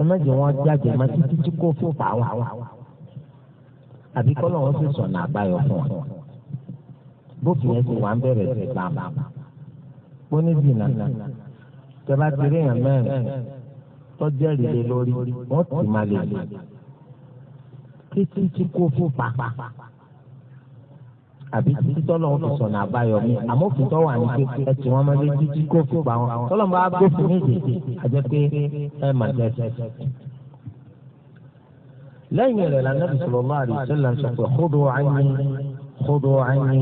S1: ẹ mẹ́jọ wọn jáde má títí tí kò fún pa wọn. àbí kọ́ lọ́wọ́ sì sọ̀nà àbáyọ fún wọn. bófin ẹ ti wà ń bẹ̀rẹ̀ sí bàbà. póníjì náà tẹ bá ti rí èèyàn mẹ́rin tọ́jẹ́rì lé lórí wọ́n ti máa lè lè títí tí kò fún pàpà àbí títọ́lọ́ ń sọ̀sọ̀ ní àbáyọ mi àmọ́ òfìtọ́ wà ní kékeré ẹ tí wọ́n máa lé títí kò fún pa wọn tọ́lọ́ bá gbófin ní ìdèdè àjẹ́ pé ẹ mà tẹ́tẹ́. lẹ́yìn rẹ̀ lànà bisalòlá àdìsẹ́lẹ̀ ń sọ pé kódò ányi خذوا عني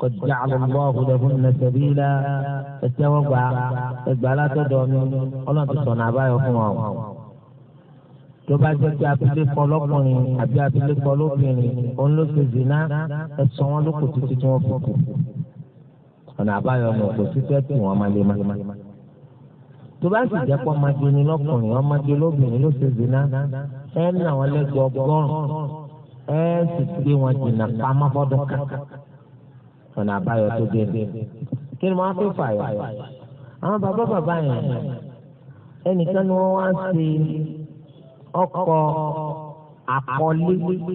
S1: قد جعل الله لهن سبيلا التوبة البلاء تدوم ولا تصنع بايو فماو tó bá jẹ́ pé abilé kọ lọ́kùnrin àbí abilé kọ lóbìnrin òun ló ṣe zina ẹ̀sọ́ wọn ló kò títí tí wọ́n fi kù ọ̀nà àbáyọ ọmọ kò títẹ́ tì wọ́n máa lé máa tó bá sì jẹ́ pé ọmọdé ni lọ́kùnrin ọmọdé lóbìnrin ló ṣe zina ẹ̀ ń nà wọ́n lẹ́gbẹ̀ẹ́ ọgọ́rùn-ún ẹ sì gbé wọn jìnnà pamọ́ fọ́dún kan ọ̀nà àbáyọ tó dé ní. kí ni wọ́n á fi fà yọ? àwọn bàbá bàbá yẹn ẹnìkan ni wọ́n wá sí ọkọ̀
S2: àkọlé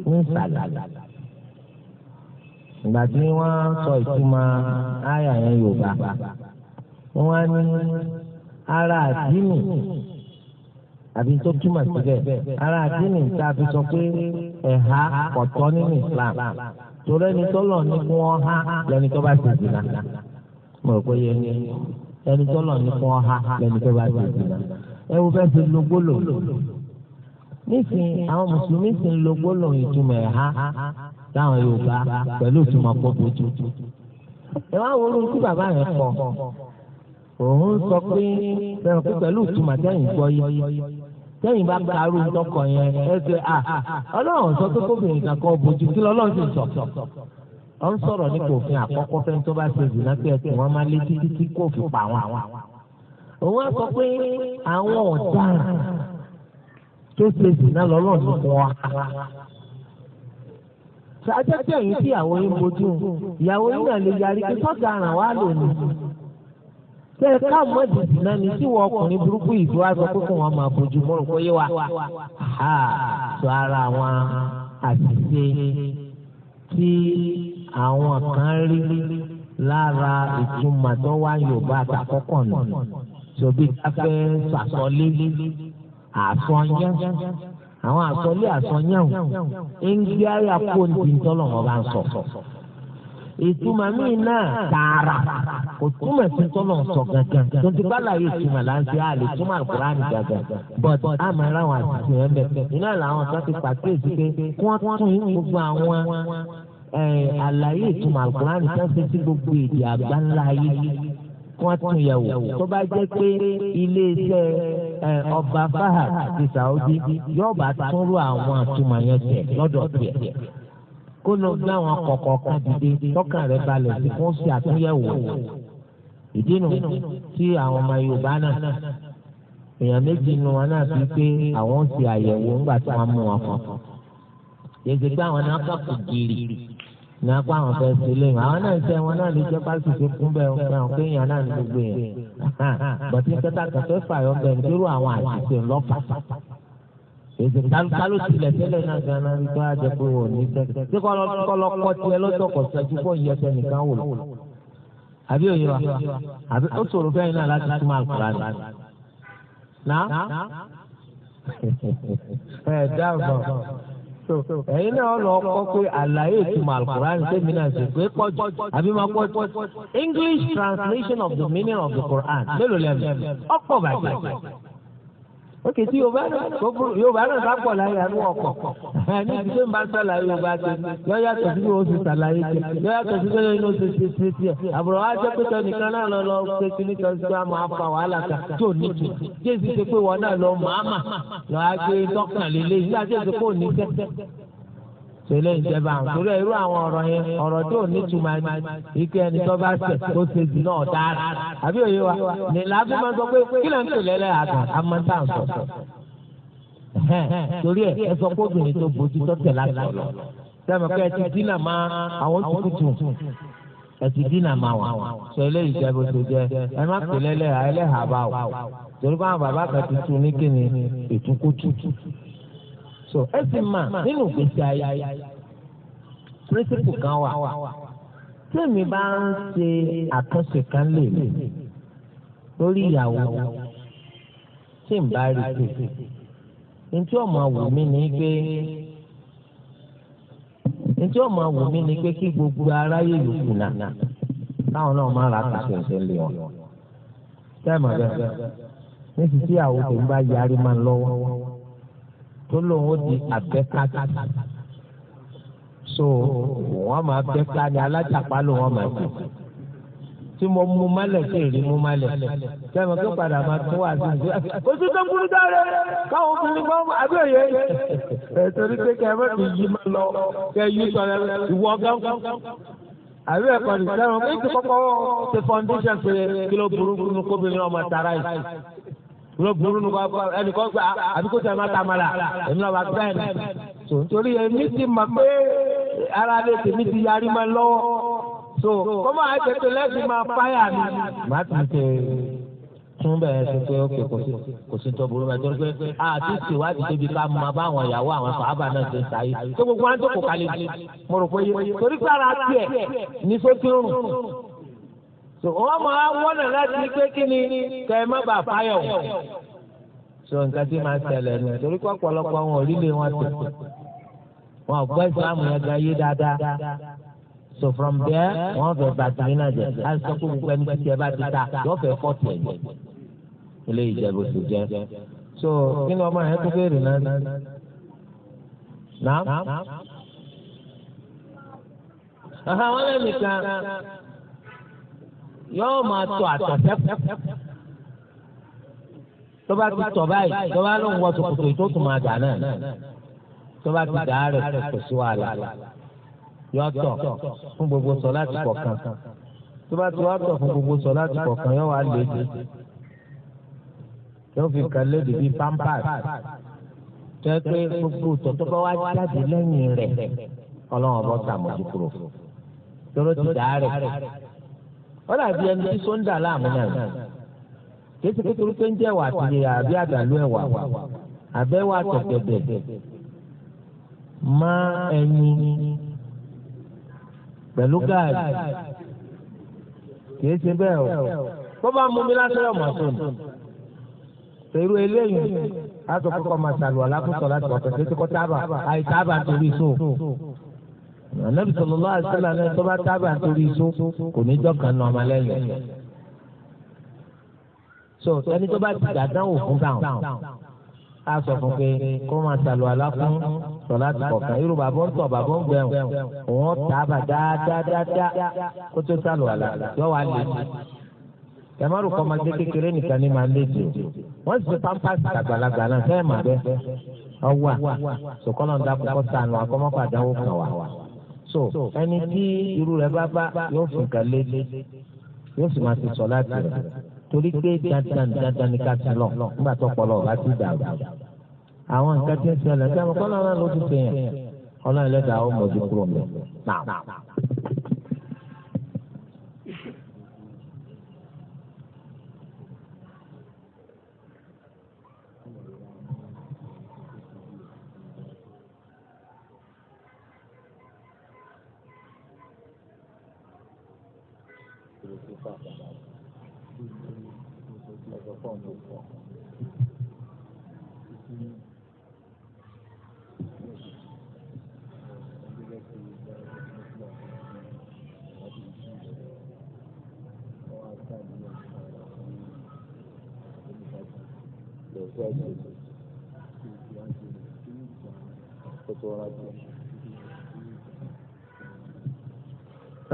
S2: ní sàlàlà
S1: ìgbà tí wọ́n sọ ìtumọ̀ àyà yẹn Yorùbá wọ́n ní ara àdínì àbí tó túmọ̀ síbẹ̀ ara àdínì tá a fi sọ pé ẹ̀há kọ̀tọ́ nínú Islam torí ẹni tọ́lọ̀ ní kí wọ́n há lẹ́ni tó bá ti dìnnà mo rò pé yẹn ẹni tọ́lọ̀ ní kí wọ́n há lẹ́ni tó bá ti dìnnà
S2: ẹ wo fẹ́ fi lo gbólò
S1: nísìnyí àwọn mùsùlùmí sì ń lo gbólò ìtumọ̀ ẹ̀há láwọn Yorùbá pẹ̀lú ìtumọ̀ pọ̀pọ̀ tuntun ẹ wá wo orun tí bàbá rẹ̀ kọ òun sọ pé bẹ̀rù pé pẹ̀lú ìtumọ̀ àtẹ̀yìn gbọ́ yìí. sẹ́yìn bá karú ńtọkọ yẹn ẹ a ọlọ́run sọ pé kóbìnrin kan bójú kí lọ́lọ́run sì sọ. ọ ń sọ̀rọ̀ nípa òfin àkọ́kọ́ fẹ́ tó bá ṣe ìdùnnà pé ẹsẹ̀ wọn máa lé títí tí kò fi pa òun á sọ pé àwọn ọ̀daràn tó ṣe lọ́lọ́run ló fún wa. ṣáájú ẹ̀yìn tí ìyàwó yín ìyàwó yín náà lè yarí ṣe é ká mọ́ ìdìbò náà
S2: ní tí wọ́n ọkùnrin burúkú ìlú wa sọ pé kò wọ́n máa fojú mọ́ òkú yé wa.
S1: sọ ara àwọn àṣìṣe tí àwọn kan rí lára ìtumọ̀ tó wá Yorùbá àtàkọ́kọ̀ nù. sọ̀bí káfẹ́ sàsọlé àsọyẹ́ àwọn àsọlé àsọyẹ́
S2: ń gbé ayé àpò ìdíntọ́lọ́wọ́ bá ń sọ̀rọ̀
S1: ìtumọ̀ míì náà tààrà
S2: kò túmọ̀ sí tọ́lọ̀ sọ gangan tuntun bá láàyè ìtumọ̀ láti àlè túmọ̀ àkùrán gàgà
S1: but àmọ́ ara wọn àti ìtumọ̀ bẹ̀ iná làwọn kan ti pàkíyèsí pé wọ́n tún yín gbogbo àwọn àlàyé ìtumọ̀ àkùrán kan ṣe sí gbogbo èdè àgbáńlá ayé wọ́n tún yẹ̀ wò tó bá jẹ́ pé iléeṣẹ́ ọba Fahad ti Saudi yóò bá tún rú àwọn àtúmọ̀ yẹn tẹ̀ lọ́dọ̀ tiẹ̀ kó lọ láwọn kọ̀kọ̀ kan dìde tọ́kàn rẹ̀ balẹ̀ sí fún sí àtúnyẹ̀wò ìdí nu tí àwọn ọmọ Yorùbá náà èèyàn méjì nu wọn náà fi pé àwọn ń ṣe àyẹ̀wò ńgbà tí wọ́n mú wọn kàn yèsè pé àwọn náà kà kù gírì ní apá àwọn fẹ́ ṣe lẹ́yìn àwọn náà ṣe wọn náà lè jẹ́ pásítì tó kún bẹ́ẹ̀ ń fẹ́ràn pé èèyàn náà ní gbogbo
S2: yẹn bọ̀tí kẹta kẹfẹ́ fàyọ̀ bẹ́ẹ̀ ń dúró àwọn àṣìṣe
S1: ńlọ́pàá kálù tilẹ̀ tẹ́lẹ̀ náà gánà tó a jẹ pé wọ́n ní tẹ́tẹ́. tí kọ́lọ́kọ́ tiẹ̀ lọ́tọ̀ kọ̀ sẹ́jú fún ìyẹ́sẹ̀ nìkan wò lọ. àbí òye wa àbí ó ṣòro fẹ́yìn náà láti túmọ̀ àkùrà rẹ̀.
S2: nà ẹ dáàbò
S1: ẹ̀yin náà lọ kọ́ pé àlàyé ìtumọ̀ alukur'an tẹ́mi náà ṣe pé pọ́jù àbí máa pọ́jù English translation of the meaning of the Quran mélòó lẹ́nu ọ̀pọ̀ bàjẹ́ òkè tí yorùbá náà bá pọ̀ láyé àánú ọ̀pọ̀ ní ìdílé ń bá sàlàyé yorùbá ti yọ̀yà tòsí bí oṣù sàlàyé ti yọ̀yà tòsí bí oṣù ṣe ṣe ṣe tiẹ̀ àbúrò wa jẹ́ pé tẹnìkan náà lọ lọ ṣe kíní kan sí àmọ́ afa wàhálà kan tí ò ní tù jésù ṣe pé wọn náà lọ màámà lọ́ọ́ á gbé dọ́kàn lélẹ́yìn láti ṣe pé ò ní tẹ́tẹ́ tẹlẹ ìjẹba àǹtórí irú àwọn ọ̀rọ̀ yẹn ọ̀rọ̀ tó ní tuma ni ike ẹni tó bá ṣẹ̀ tó ṣe jù náà dára àbí òye wa ní làákùn máa sọ pé kí ló ń tẹlẹ lẹ àgà amọta ń sọsọ torí ẹ ẹ sọ pé obìnrin tó bójú tó tẹ láti lọ sẹmọ pé ẹ ti dínà máa àwọn tukutu ẹ ti dínà máa wà sọ eléyìí jẹ bó ṣe jẹ ẹ má pè lẹlẹ àìlẹhàbà o
S2: torí báwọn bàbá kan ti tu ní kíni
S1: ìtukútu so ẹ sì mà nínú ìgbésí ayé píríncípù kan wà tèmi bá ń ṣe àtúnṣe kan lè mi lórí ìyàwó tí n bá rí pé ntí ọmọ gbogbo aráyé táwọn náà máa ra àtúnṣe ṣe lè wọn bẹ́ẹ̀ tó lòun ó di àbẹ́ká so wọ́n máa bẹ́ká ni alájàpá ló wọ́n máa bẹ́ká tí mo mú malẹ̀ tí èrè mú malẹ̀ sẹ́mi kí padà máa tún wà sí ìdí. oṣù tó kúrú dáre káwọn obìnrin kan àbí òye ẹ̀sọ́rí pé kẹ́ ẹ bá fi yí máa lọ kẹ́ yí sọ̀rọ̀ ìwọ gángan. àbí ẹ̀kọ́ ní sẹ́wọ̀n kí n ti kọ́kọ́ ṣe foundation pé kí ló burú burú kóbìnrin ọmọ tara yìí gbogbo ní wọn bá ẹnìkan gbà àbí kó tẹ̀ máa ta àmàlà èmi náà wà gbà ẹ̀ náà torí èmi ti mọ̀ pé ara lè tèmi ti yarí máa lọ́wọ́ so kọ́mọ àìpẹ̀tẹ̀ lẹ́sìn máa fáyà mi. màá ti ṣe tún bẹ̀rẹ̀ sí pé ó pè kò sí tó burú bá jọ pé àti ìwádìí débi ká máa bá àwọn ìyàwó àwọn sàábà náà ṣe ń sáyé tó gbogbo wọn tó kò kalẹ̀ mo rò pé torí pé tiẹ̀ ní sókè òrùn so wọ́n máa wọ́nà láti pé kí ni kẹ́ ẹ má bàa fáyọ̀ wọ́n. so nǹkan tí máa ṣẹlẹ̀ nù torí pé ọ̀pọ̀lọpọ̀ wọn ò rí lé wọn tó wọn ò gbọ́ ìsìlámù yẹn gan yé dáadáa so from there wọ́n fẹ́ bàtà iná jẹ láti sọ pé gbogbo ẹni títí ẹ bá ti ta yóò fẹ́ fọ́ọ̀tì ẹ̀jẹ̀ ilé ìjẹ̀bù sì jẹ́ so kí ni ọmọ yẹn tó béèrè náà náà.
S2: àwọn ẹnìkan yóò máa tọ àtọ̀sẹ́kù tó bá ti tọ̀ báyìí tó bá lóun wọ ṣòkòtò tó tún máa dà náà
S1: tó bá ti dà á rẹ̀ kò sí wàhálà yóò tọ̀ fún gbogbo sọ láti kọ̀ọ̀kan tó bá ti wá tọ̀ fún gbogbo sọ láti kọ̀ọ̀kan yóò wá léde yóò fi kàn léde bíi pampers tẹ́ pé gbogbo ìtọ̀ tó bá wá jáde lẹ́yìn rẹ̀ ọlọ́run ọ̀bọ̀ sàmójú kúrò tó ló ti dà á rẹ̀
S2: ó dàbí ẹni tí sóńdà láàmú náà
S1: kéṣe kékeré tó ń jẹ́ wà tìyẹ àbí àdàlú ẹ̀wà àbẹ́wà tọ̀tẹ̀dẹ̀ má ẹyin pẹ̀lú gaari kìí ṣe bẹ́ẹ̀ o bó bá mú mi lásán ọmọ tó ní pẹ̀lú eléyìí aṣọ kọ́kọ́ máa ṣàlùwà lákòókò láti ọ̀sẹ̀ tó ti kọ́ tábà àìtábà torí so ànábì sallallahu alaihi wasallam náà tó bá tábà nítorí iṣó kò ní jọkàn nà ọmọ lẹ́yìn. so ẹni tó bá ti dàdánwò fún báwọn a sọ fún pé kó máa sàlù aláfún sọlá ti kọ̀ọ̀kan irú bàbá ń tọ̀ bàbá ń gbẹ̀hùn òun tààbà dáadáa kó tó sàlù àlà yọ wà lè jù tẹmọrù kọ ọmọdé kékeré nìkan ní máa lé jù wọn sì pampasì àgbàlagbà náà fẹẹ mà bẹ
S2: ọwà sọkọlọ ń dá kókó sànù àkọmọkọ àdánwò kan wà
S1: so ẹni tí irú rẹ̀ bá bá yóò fi kàn léde yóò sì máa ti sọ láti rẹ̀ torí pé dandan dandan ni ká ti lọ nígbà tó pọ̀ lọ bá ti dà o. àwọn nǹkan tí ń ṣẹlẹ̀ sẹ́wọ̀n kọ́lá náà ló ti sèyàn ọlọ́run lẹ́dàá ó mọ̀ ojú kúrò mi.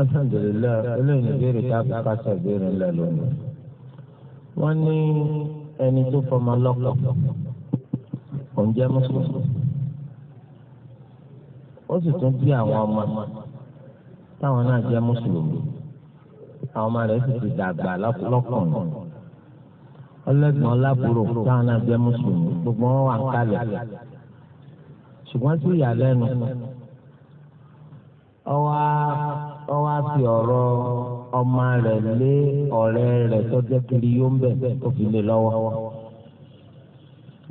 S2: alhamdulilayi eléyìí ni ìbéèrè tá a fi kásá ìbéèrè
S1: ńlẹ̀ lónìí. wọ́n ní ẹni tó fọmọ lọ́kọ̀ òun jẹ́ mùsùlùmí ó sì tún bí àwọn ọmọ táwọn náà jẹ́ mùsùlùmí àwọn ọmọ rẹ̀ sì ti dàgbà lọ́kùnrin ọlẹ́gbọ̀n lábúrò táwọn náà jẹ́ mùsùlùmí gbogbo wọn wà ń kalẹ̀ ṣùgbọ́n sí ìyàlẹ́nu ọwọ́ á wọ́n wá fi ọ̀rọ̀ ọmọ rẹ̀ lé ọ̀rẹ́ rẹ̀ tọ́jú kiri yóò ń bẹ̀ tó fi lè lọ́wọ́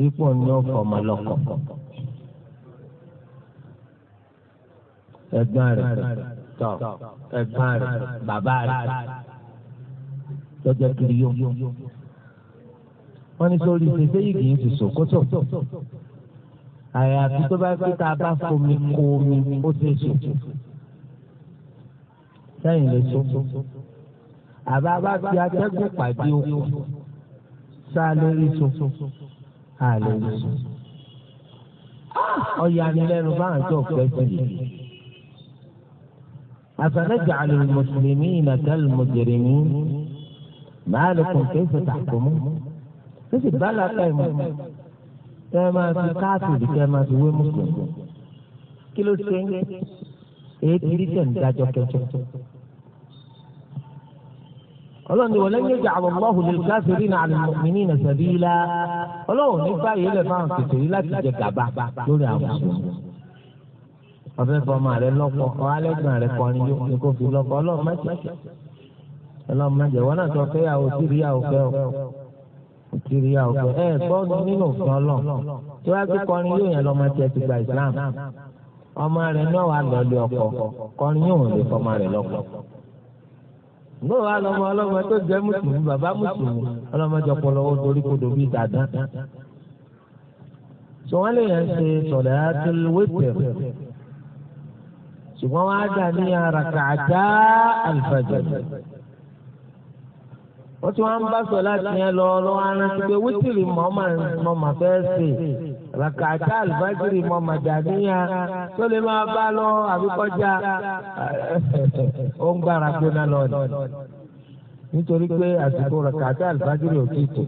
S1: ipò ní ọ̀fọ̀ ọmọ lọ́kọ̀ ẹ̀gbọ́n rẹ̀ tọ̀ ẹ̀gbọ́n rẹ̀ bàbá rẹ̀ tọ́jú kiri yóò wọ́n ní sórí ṣẹṣẹ́ yìí kì í ti sòkótò àyàfi tó bá fi tá a bá fomi kó omi ó ti sòkótò sẹ́yìn lè so àbá bá fi atẹ́gùn pàdé oko sá lórí so à lórí so ọ̀yanilẹ́nu báwọn tó fẹ́ sí i. أفنجعل المسلمين كالمجرمين ما لكم كيف تحكمون كيف بلا قيمة كما في كافر كما في مسلم كيلو سنجي èyí rí tẹ̀ ń dájọ́ kẹjọ. ọlọ́run ni walan yaj'ala Allahu lil-kafirina 'ala al-mu'minina sabila
S2: ọlọ́run ní báyìí lè fáwọn kètò yìí láti jẹ gàba lórí àwọn mùsùlùmí.
S1: ọ̀fẹ́ fọmọ rẹ lọ́kọ ọ̀hálẹ́gbọ̀n rẹ kọrin yóò ní kó fi lọ́kọ ọlọ́run mẹ́jẹ ọlọ́run mẹ́jẹ wọn náà sọ fẹ́ yàwó sí rí yàwó fẹ́ o sí rí yàwó fẹ́ ẹ gbọ́ nínú òfin ọlọ́run tí wọ́n á ọmọ rẹ̀ náà wà lọ́dọ̀ ọkọ kọrin yóò lè fọmọ rẹ̀ lọ́kọ. Bóò wá lọ́mọ ọlọ́mọ tó jẹ́ mùsùlùmí bàbá mùsùlùmí ọlọ́mọdé ọpọlọwọ́ torí kodò bíi dàdán. Sọ wọ́n lè yẹn ṣe sọ̀rọ̀ ẹ́ tó wípẹ̀ ṣùgbọ́n wọ́n á dà ní arakàtà àlùfáàjì. Wọ́n ti wá ń bá sọ láti yẹn lọ lọ́wọ́ aránsẹ́ pé wítìrì mọ́ máa fẹ́ ṣe rakata alifajiri mọ madaniya tó lè máa bá lọ àbíkọjá ó ń gbára gbóná lọ ni nítorí pé àsìkò rakata alifajiri ò tí tó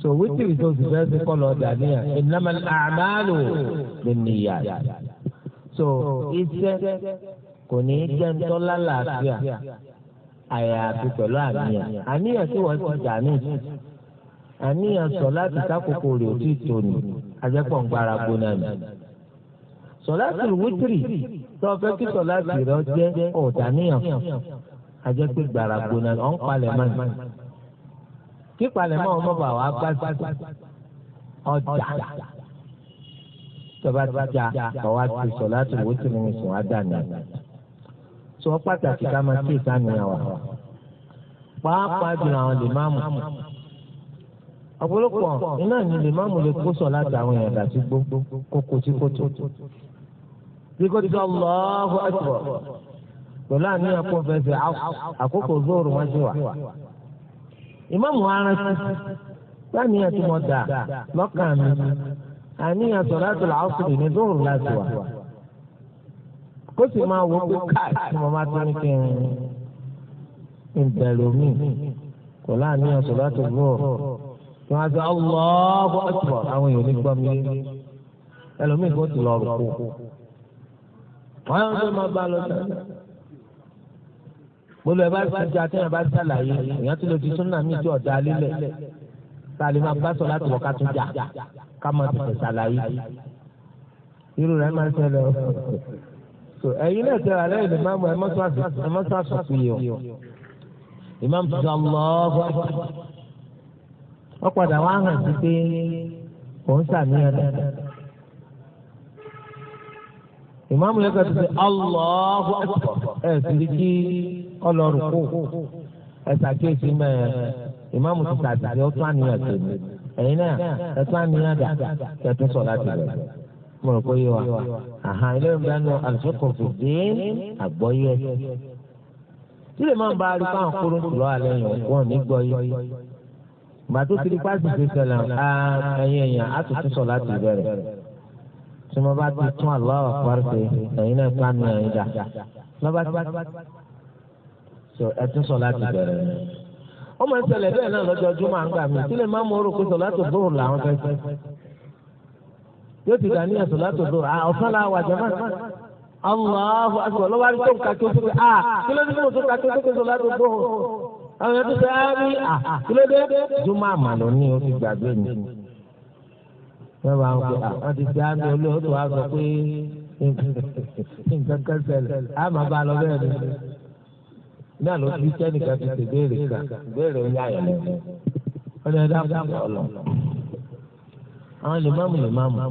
S1: so wítìrì tó ti fẹ́ sí kọlọ daniya innamal a'malu binniyat so iṣẹ́ kò ní í jẹ́ ńtọ́lá làásìá àyàfi pẹ̀lú àníyàn àníyàn tí wọ́n ti dà ní ìsìn àníyàn sọ láti sákòókò rẹ̀ ó ti tò ní ajẹ́pọ̀ ń gbára gbóná ni. sọláàtì wítìrì tó o fẹ́ kí sọláàtì rẹ jẹ́ ọ̀dàníyàn ajẹ́pẹ́ gbára gbóná ni ọ̀ ń palẹ̀ mọ́ ni. kí palẹ̀ mọ́ ọmọ bàwá bá ọjà tọba ti ja ọwọ́ àti sọláàtì wítìrì ní sùn ádàní. sọ pàtàkì ká máa kí ìsànìyàn wà. pàápàá jùlọ àwọn lè máa mú ọ̀pọ̀lọpọ̀ iná ni lè má mú lè kó sọ láti àwọn èèyàn dàtí gbogbo kókó tí kòtò. bí kò tí Allahu Akbar pẹ̀lú
S2: àníyàn kó fẹsẹ̀ àkókò zóòrù wọn ti wà.
S1: ìmáàmù aránsì sáníyàn tí mo dà lọ́kàn mi àníyàn sọ̀rọ̀ àṣírí ní zóòrù láti wà. kó sì máa wo pé káàkiri mo máa tún kí n bẹ̀rù mi pẹ̀lú àníyàn sọ̀rọ̀ àṣírí wọn á sọ ọlọ́ọ̀bù ọ̀tọ̀ àwọn èèyàn nígbà mi ẹlòmíì kò tì lọ rò kó wọn yóò tó máa bá a lọ sẹ́yìn gbolo ẹ bá sọjọ atẹ́yìn bá sàlàyé èèyàn tó lè fi súnà mí tí ọ̀dà lílẹ̀ sàlẹ̀ máa bá sọ láti wọ̀ ká tún jà ká máa tẹ̀sẹ̀ sàlàyé irú rẹ̀ máa ń ṣẹlẹ̀ o ẹ̀yin náà tẹ̀ra lẹ́yìn lè máa mọ ẹ mọ́ sọ àṣùkù yìí o ìmáàmù tuntun ọlọ́ọ̀gbọ́n wọ́n padà wá hàn sí pé òun sàníyàn dáadáa. ìmáàmù yẹn kàtó sí
S2: Allahu Akbar ẹ̀ sírí kí ọlọ́run kù
S1: ẹ̀ ṣàkíyèsí mẹ́ẹ̀ ìmáàmù ti sàtìsí ọ̀tún àníyàn tèmi ẹ̀yin náà ẹ̀tún àníyàn dà kẹ̀tún sọ̀ láti rẹ̀ mo rò pé yé wa àhàn ilé ìdáná àlùfẹ́kọ̀ọ́ fìdí àgbọ́yé tí lè máa ń bá arúgbó àwọn kúrò lọ́wọ́ àlẹ́ yẹn gbàtó kiri pàṣẹ ṣe sẹlẹ ẹyin èèyàn á tún tún sọ láti bẹ̀rẹ̀ tí mo bá ti tún àlọ́ àpárí pé ẹ̀yin náà pa mi ẹ̀yin dà lọ́ba tí ẹ tún sọ láti bẹ̀rẹ̀ ó máa ń ṣẹlẹ̀ bẹ́ẹ̀ náà lọ́jọ́júmọ́ àǹgbà mi tí lè má mú orò pé sọ̀látò dóòrò làwọn fẹ́ fẹ́ yóò ti dàní sọ̀látò dóòrò ọ̀sán la wà jẹ́mọ́ Allahu akbar lọ́ba tó ń ka tó tó pé a kí ló dé tó ń ka tó tó pé sọ̀látò dóòrò àwọn ẹbí sọ àmì ah,
S2: àkúlẹ́dẹ́ ah, ah, jùmọ̀ àmàlò ní o ti gbàgbé mi.
S1: mẹ́wàá ń pè à wọ́n ti fi àmì olóòtú wa sọ pé nǹkan kan ṣẹlẹ̀ àmà bá lọ bẹ́ẹ̀ ni. náà ló fi sẹ́nìkan ti ṣèbéèrè kan ìbéèrè ń yáyọ̀ lẹ́nu. wọ́n ní ẹ̀dá kọ̀ ọ̀lọ́. àwọn lèmọ́mù lèmọ́mù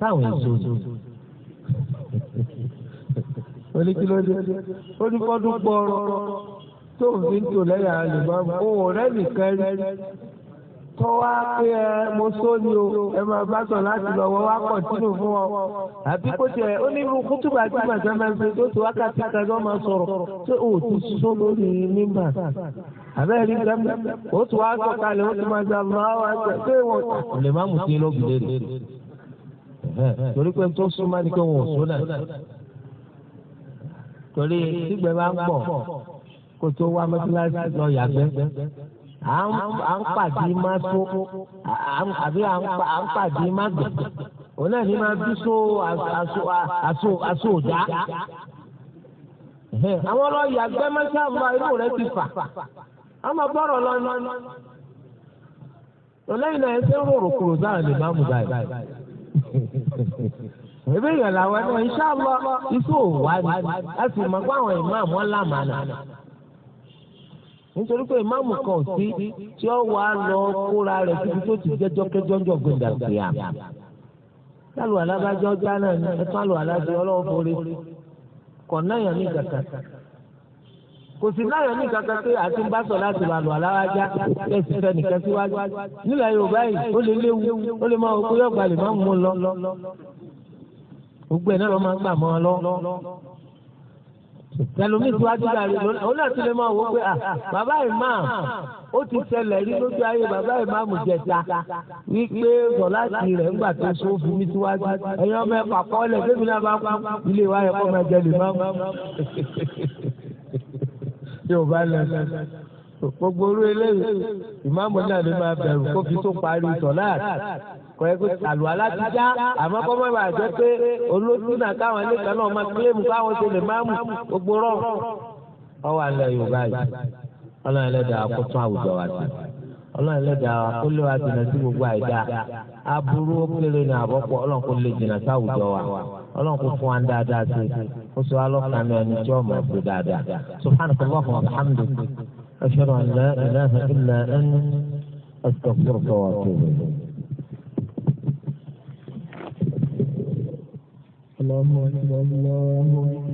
S1: táwọn èso oníkìlódé oníkọ́dún gbọ́ọ̀rọ̀ tó fi ń tò lẹ́yìn àlùbọ́mù òun ọ̀rẹ́ nìkan rí tọ́wá pé ẹ mo sóni o ẹ máa bá sọ láti lọ wọ́n wá kọ̀tínú fún ọ. àbí kó tiẹ̀ ó ní irú kútùbà tí màtá máa ń fi tó ti wákàtí kan tó máa sọ̀rọ̀ tí ò ti sún lórí nígbà. àbẹ́rẹ́ gbẹ́mí ó ti wá sọ kalẹ̀ ó ti máa gba máa wá sọ pé wọ́n. lè má mú sí lóbìnrin rẹ̀ torí pé tó súnmọ́ ni pé wọ́n ò sún náà. torí sígbẹ́ máa ń pọ̀. kó tó wá mọ́tíláṣí lọ yàgbẹ́ à ń pàdé má tó àbí à ń pàdé má gbẹ̀ òun náà ní máa bí so aṣọ àwọn ọlọ́yà gbẹ́ inú rẹ̀ ti fà ọmọ bọ́rọ̀ lọ ní. náà ń lè báyìí. ebe wá ní mọ̀ pé àwọn nítorí pé ìmáàmù kan ò sí tí ó wà á lọ kóra rẹ̀ síbi tó ti jẹ́jọ́ kẹjọ́ ń jọ gbẹ̀dà gbìyà. sálù alábàjọ́ já náà ní ẹ sálù alábàjọ́ ọlọ́run forí kọ̀ náyàn ní kàkà. kò sí náyàn ní kàkà pé àti ń bá sọ láti wà lọ alábàjá ẹ̀sìn fẹ́nìkan síwájú. nílẹ̀ yorùbá yìí ó lè léwu ó lè máa wọ pé yọ̀gbà lè má mú un lọ. gbogbo ẹ̀ náà lọ́ máa gbà mọ́ ọ lọ ẹlòmí síwájú dàrí òun náà tún lè máa wọ pé ah, ah, bàbá imam ó ti ṣẹlẹ̀ rí lójú ayé bàbá imam jẹta wípé sọláàtì rẹ̀ ńgbà tó so fún mi síwájú ẹ̀yin ọmọ ẹ̀ pàpọ̀ lẹ̀ náà bá kú ilé wa yẹ kó máa jẹ lè máa mú. yóò bá lọ gbogbo orú eléyìí ìmáàmù náà ló máa bẹ̀rù kó fi tó parí sọláàtì
S2: kọ́ ẹ pé àlùwàlá ti já àmọ́ kọ́ mọ́ bàa jẹ́ pé
S1: olóṣù náà káwọn ilé kan náà máa kílèmù káwọn ṣe lè máàmù gbogbo rọ̀. ọwọ́ alẹ́ yorùbá yìí ọlọ́run ẹlẹ́dàá kó tún àwùjọ wa sí ọlọ́run ẹlẹ́dàá kó lé wa jìnnà sí gbogbo àìdá aburú kéré ní àbọ̀pọ̀ ọlọ́run kó lè jìnnà sáwùjọ wa ọlọ́run kó fún wa dáadáa sí ó sọ alọ́kàn mi ẹni tí ọmọ ẹ̀kú dáadáa subhanallahi wa bihamdihi ashhadu an la ilaha illa
S2: اللهم أكبر الله أكبر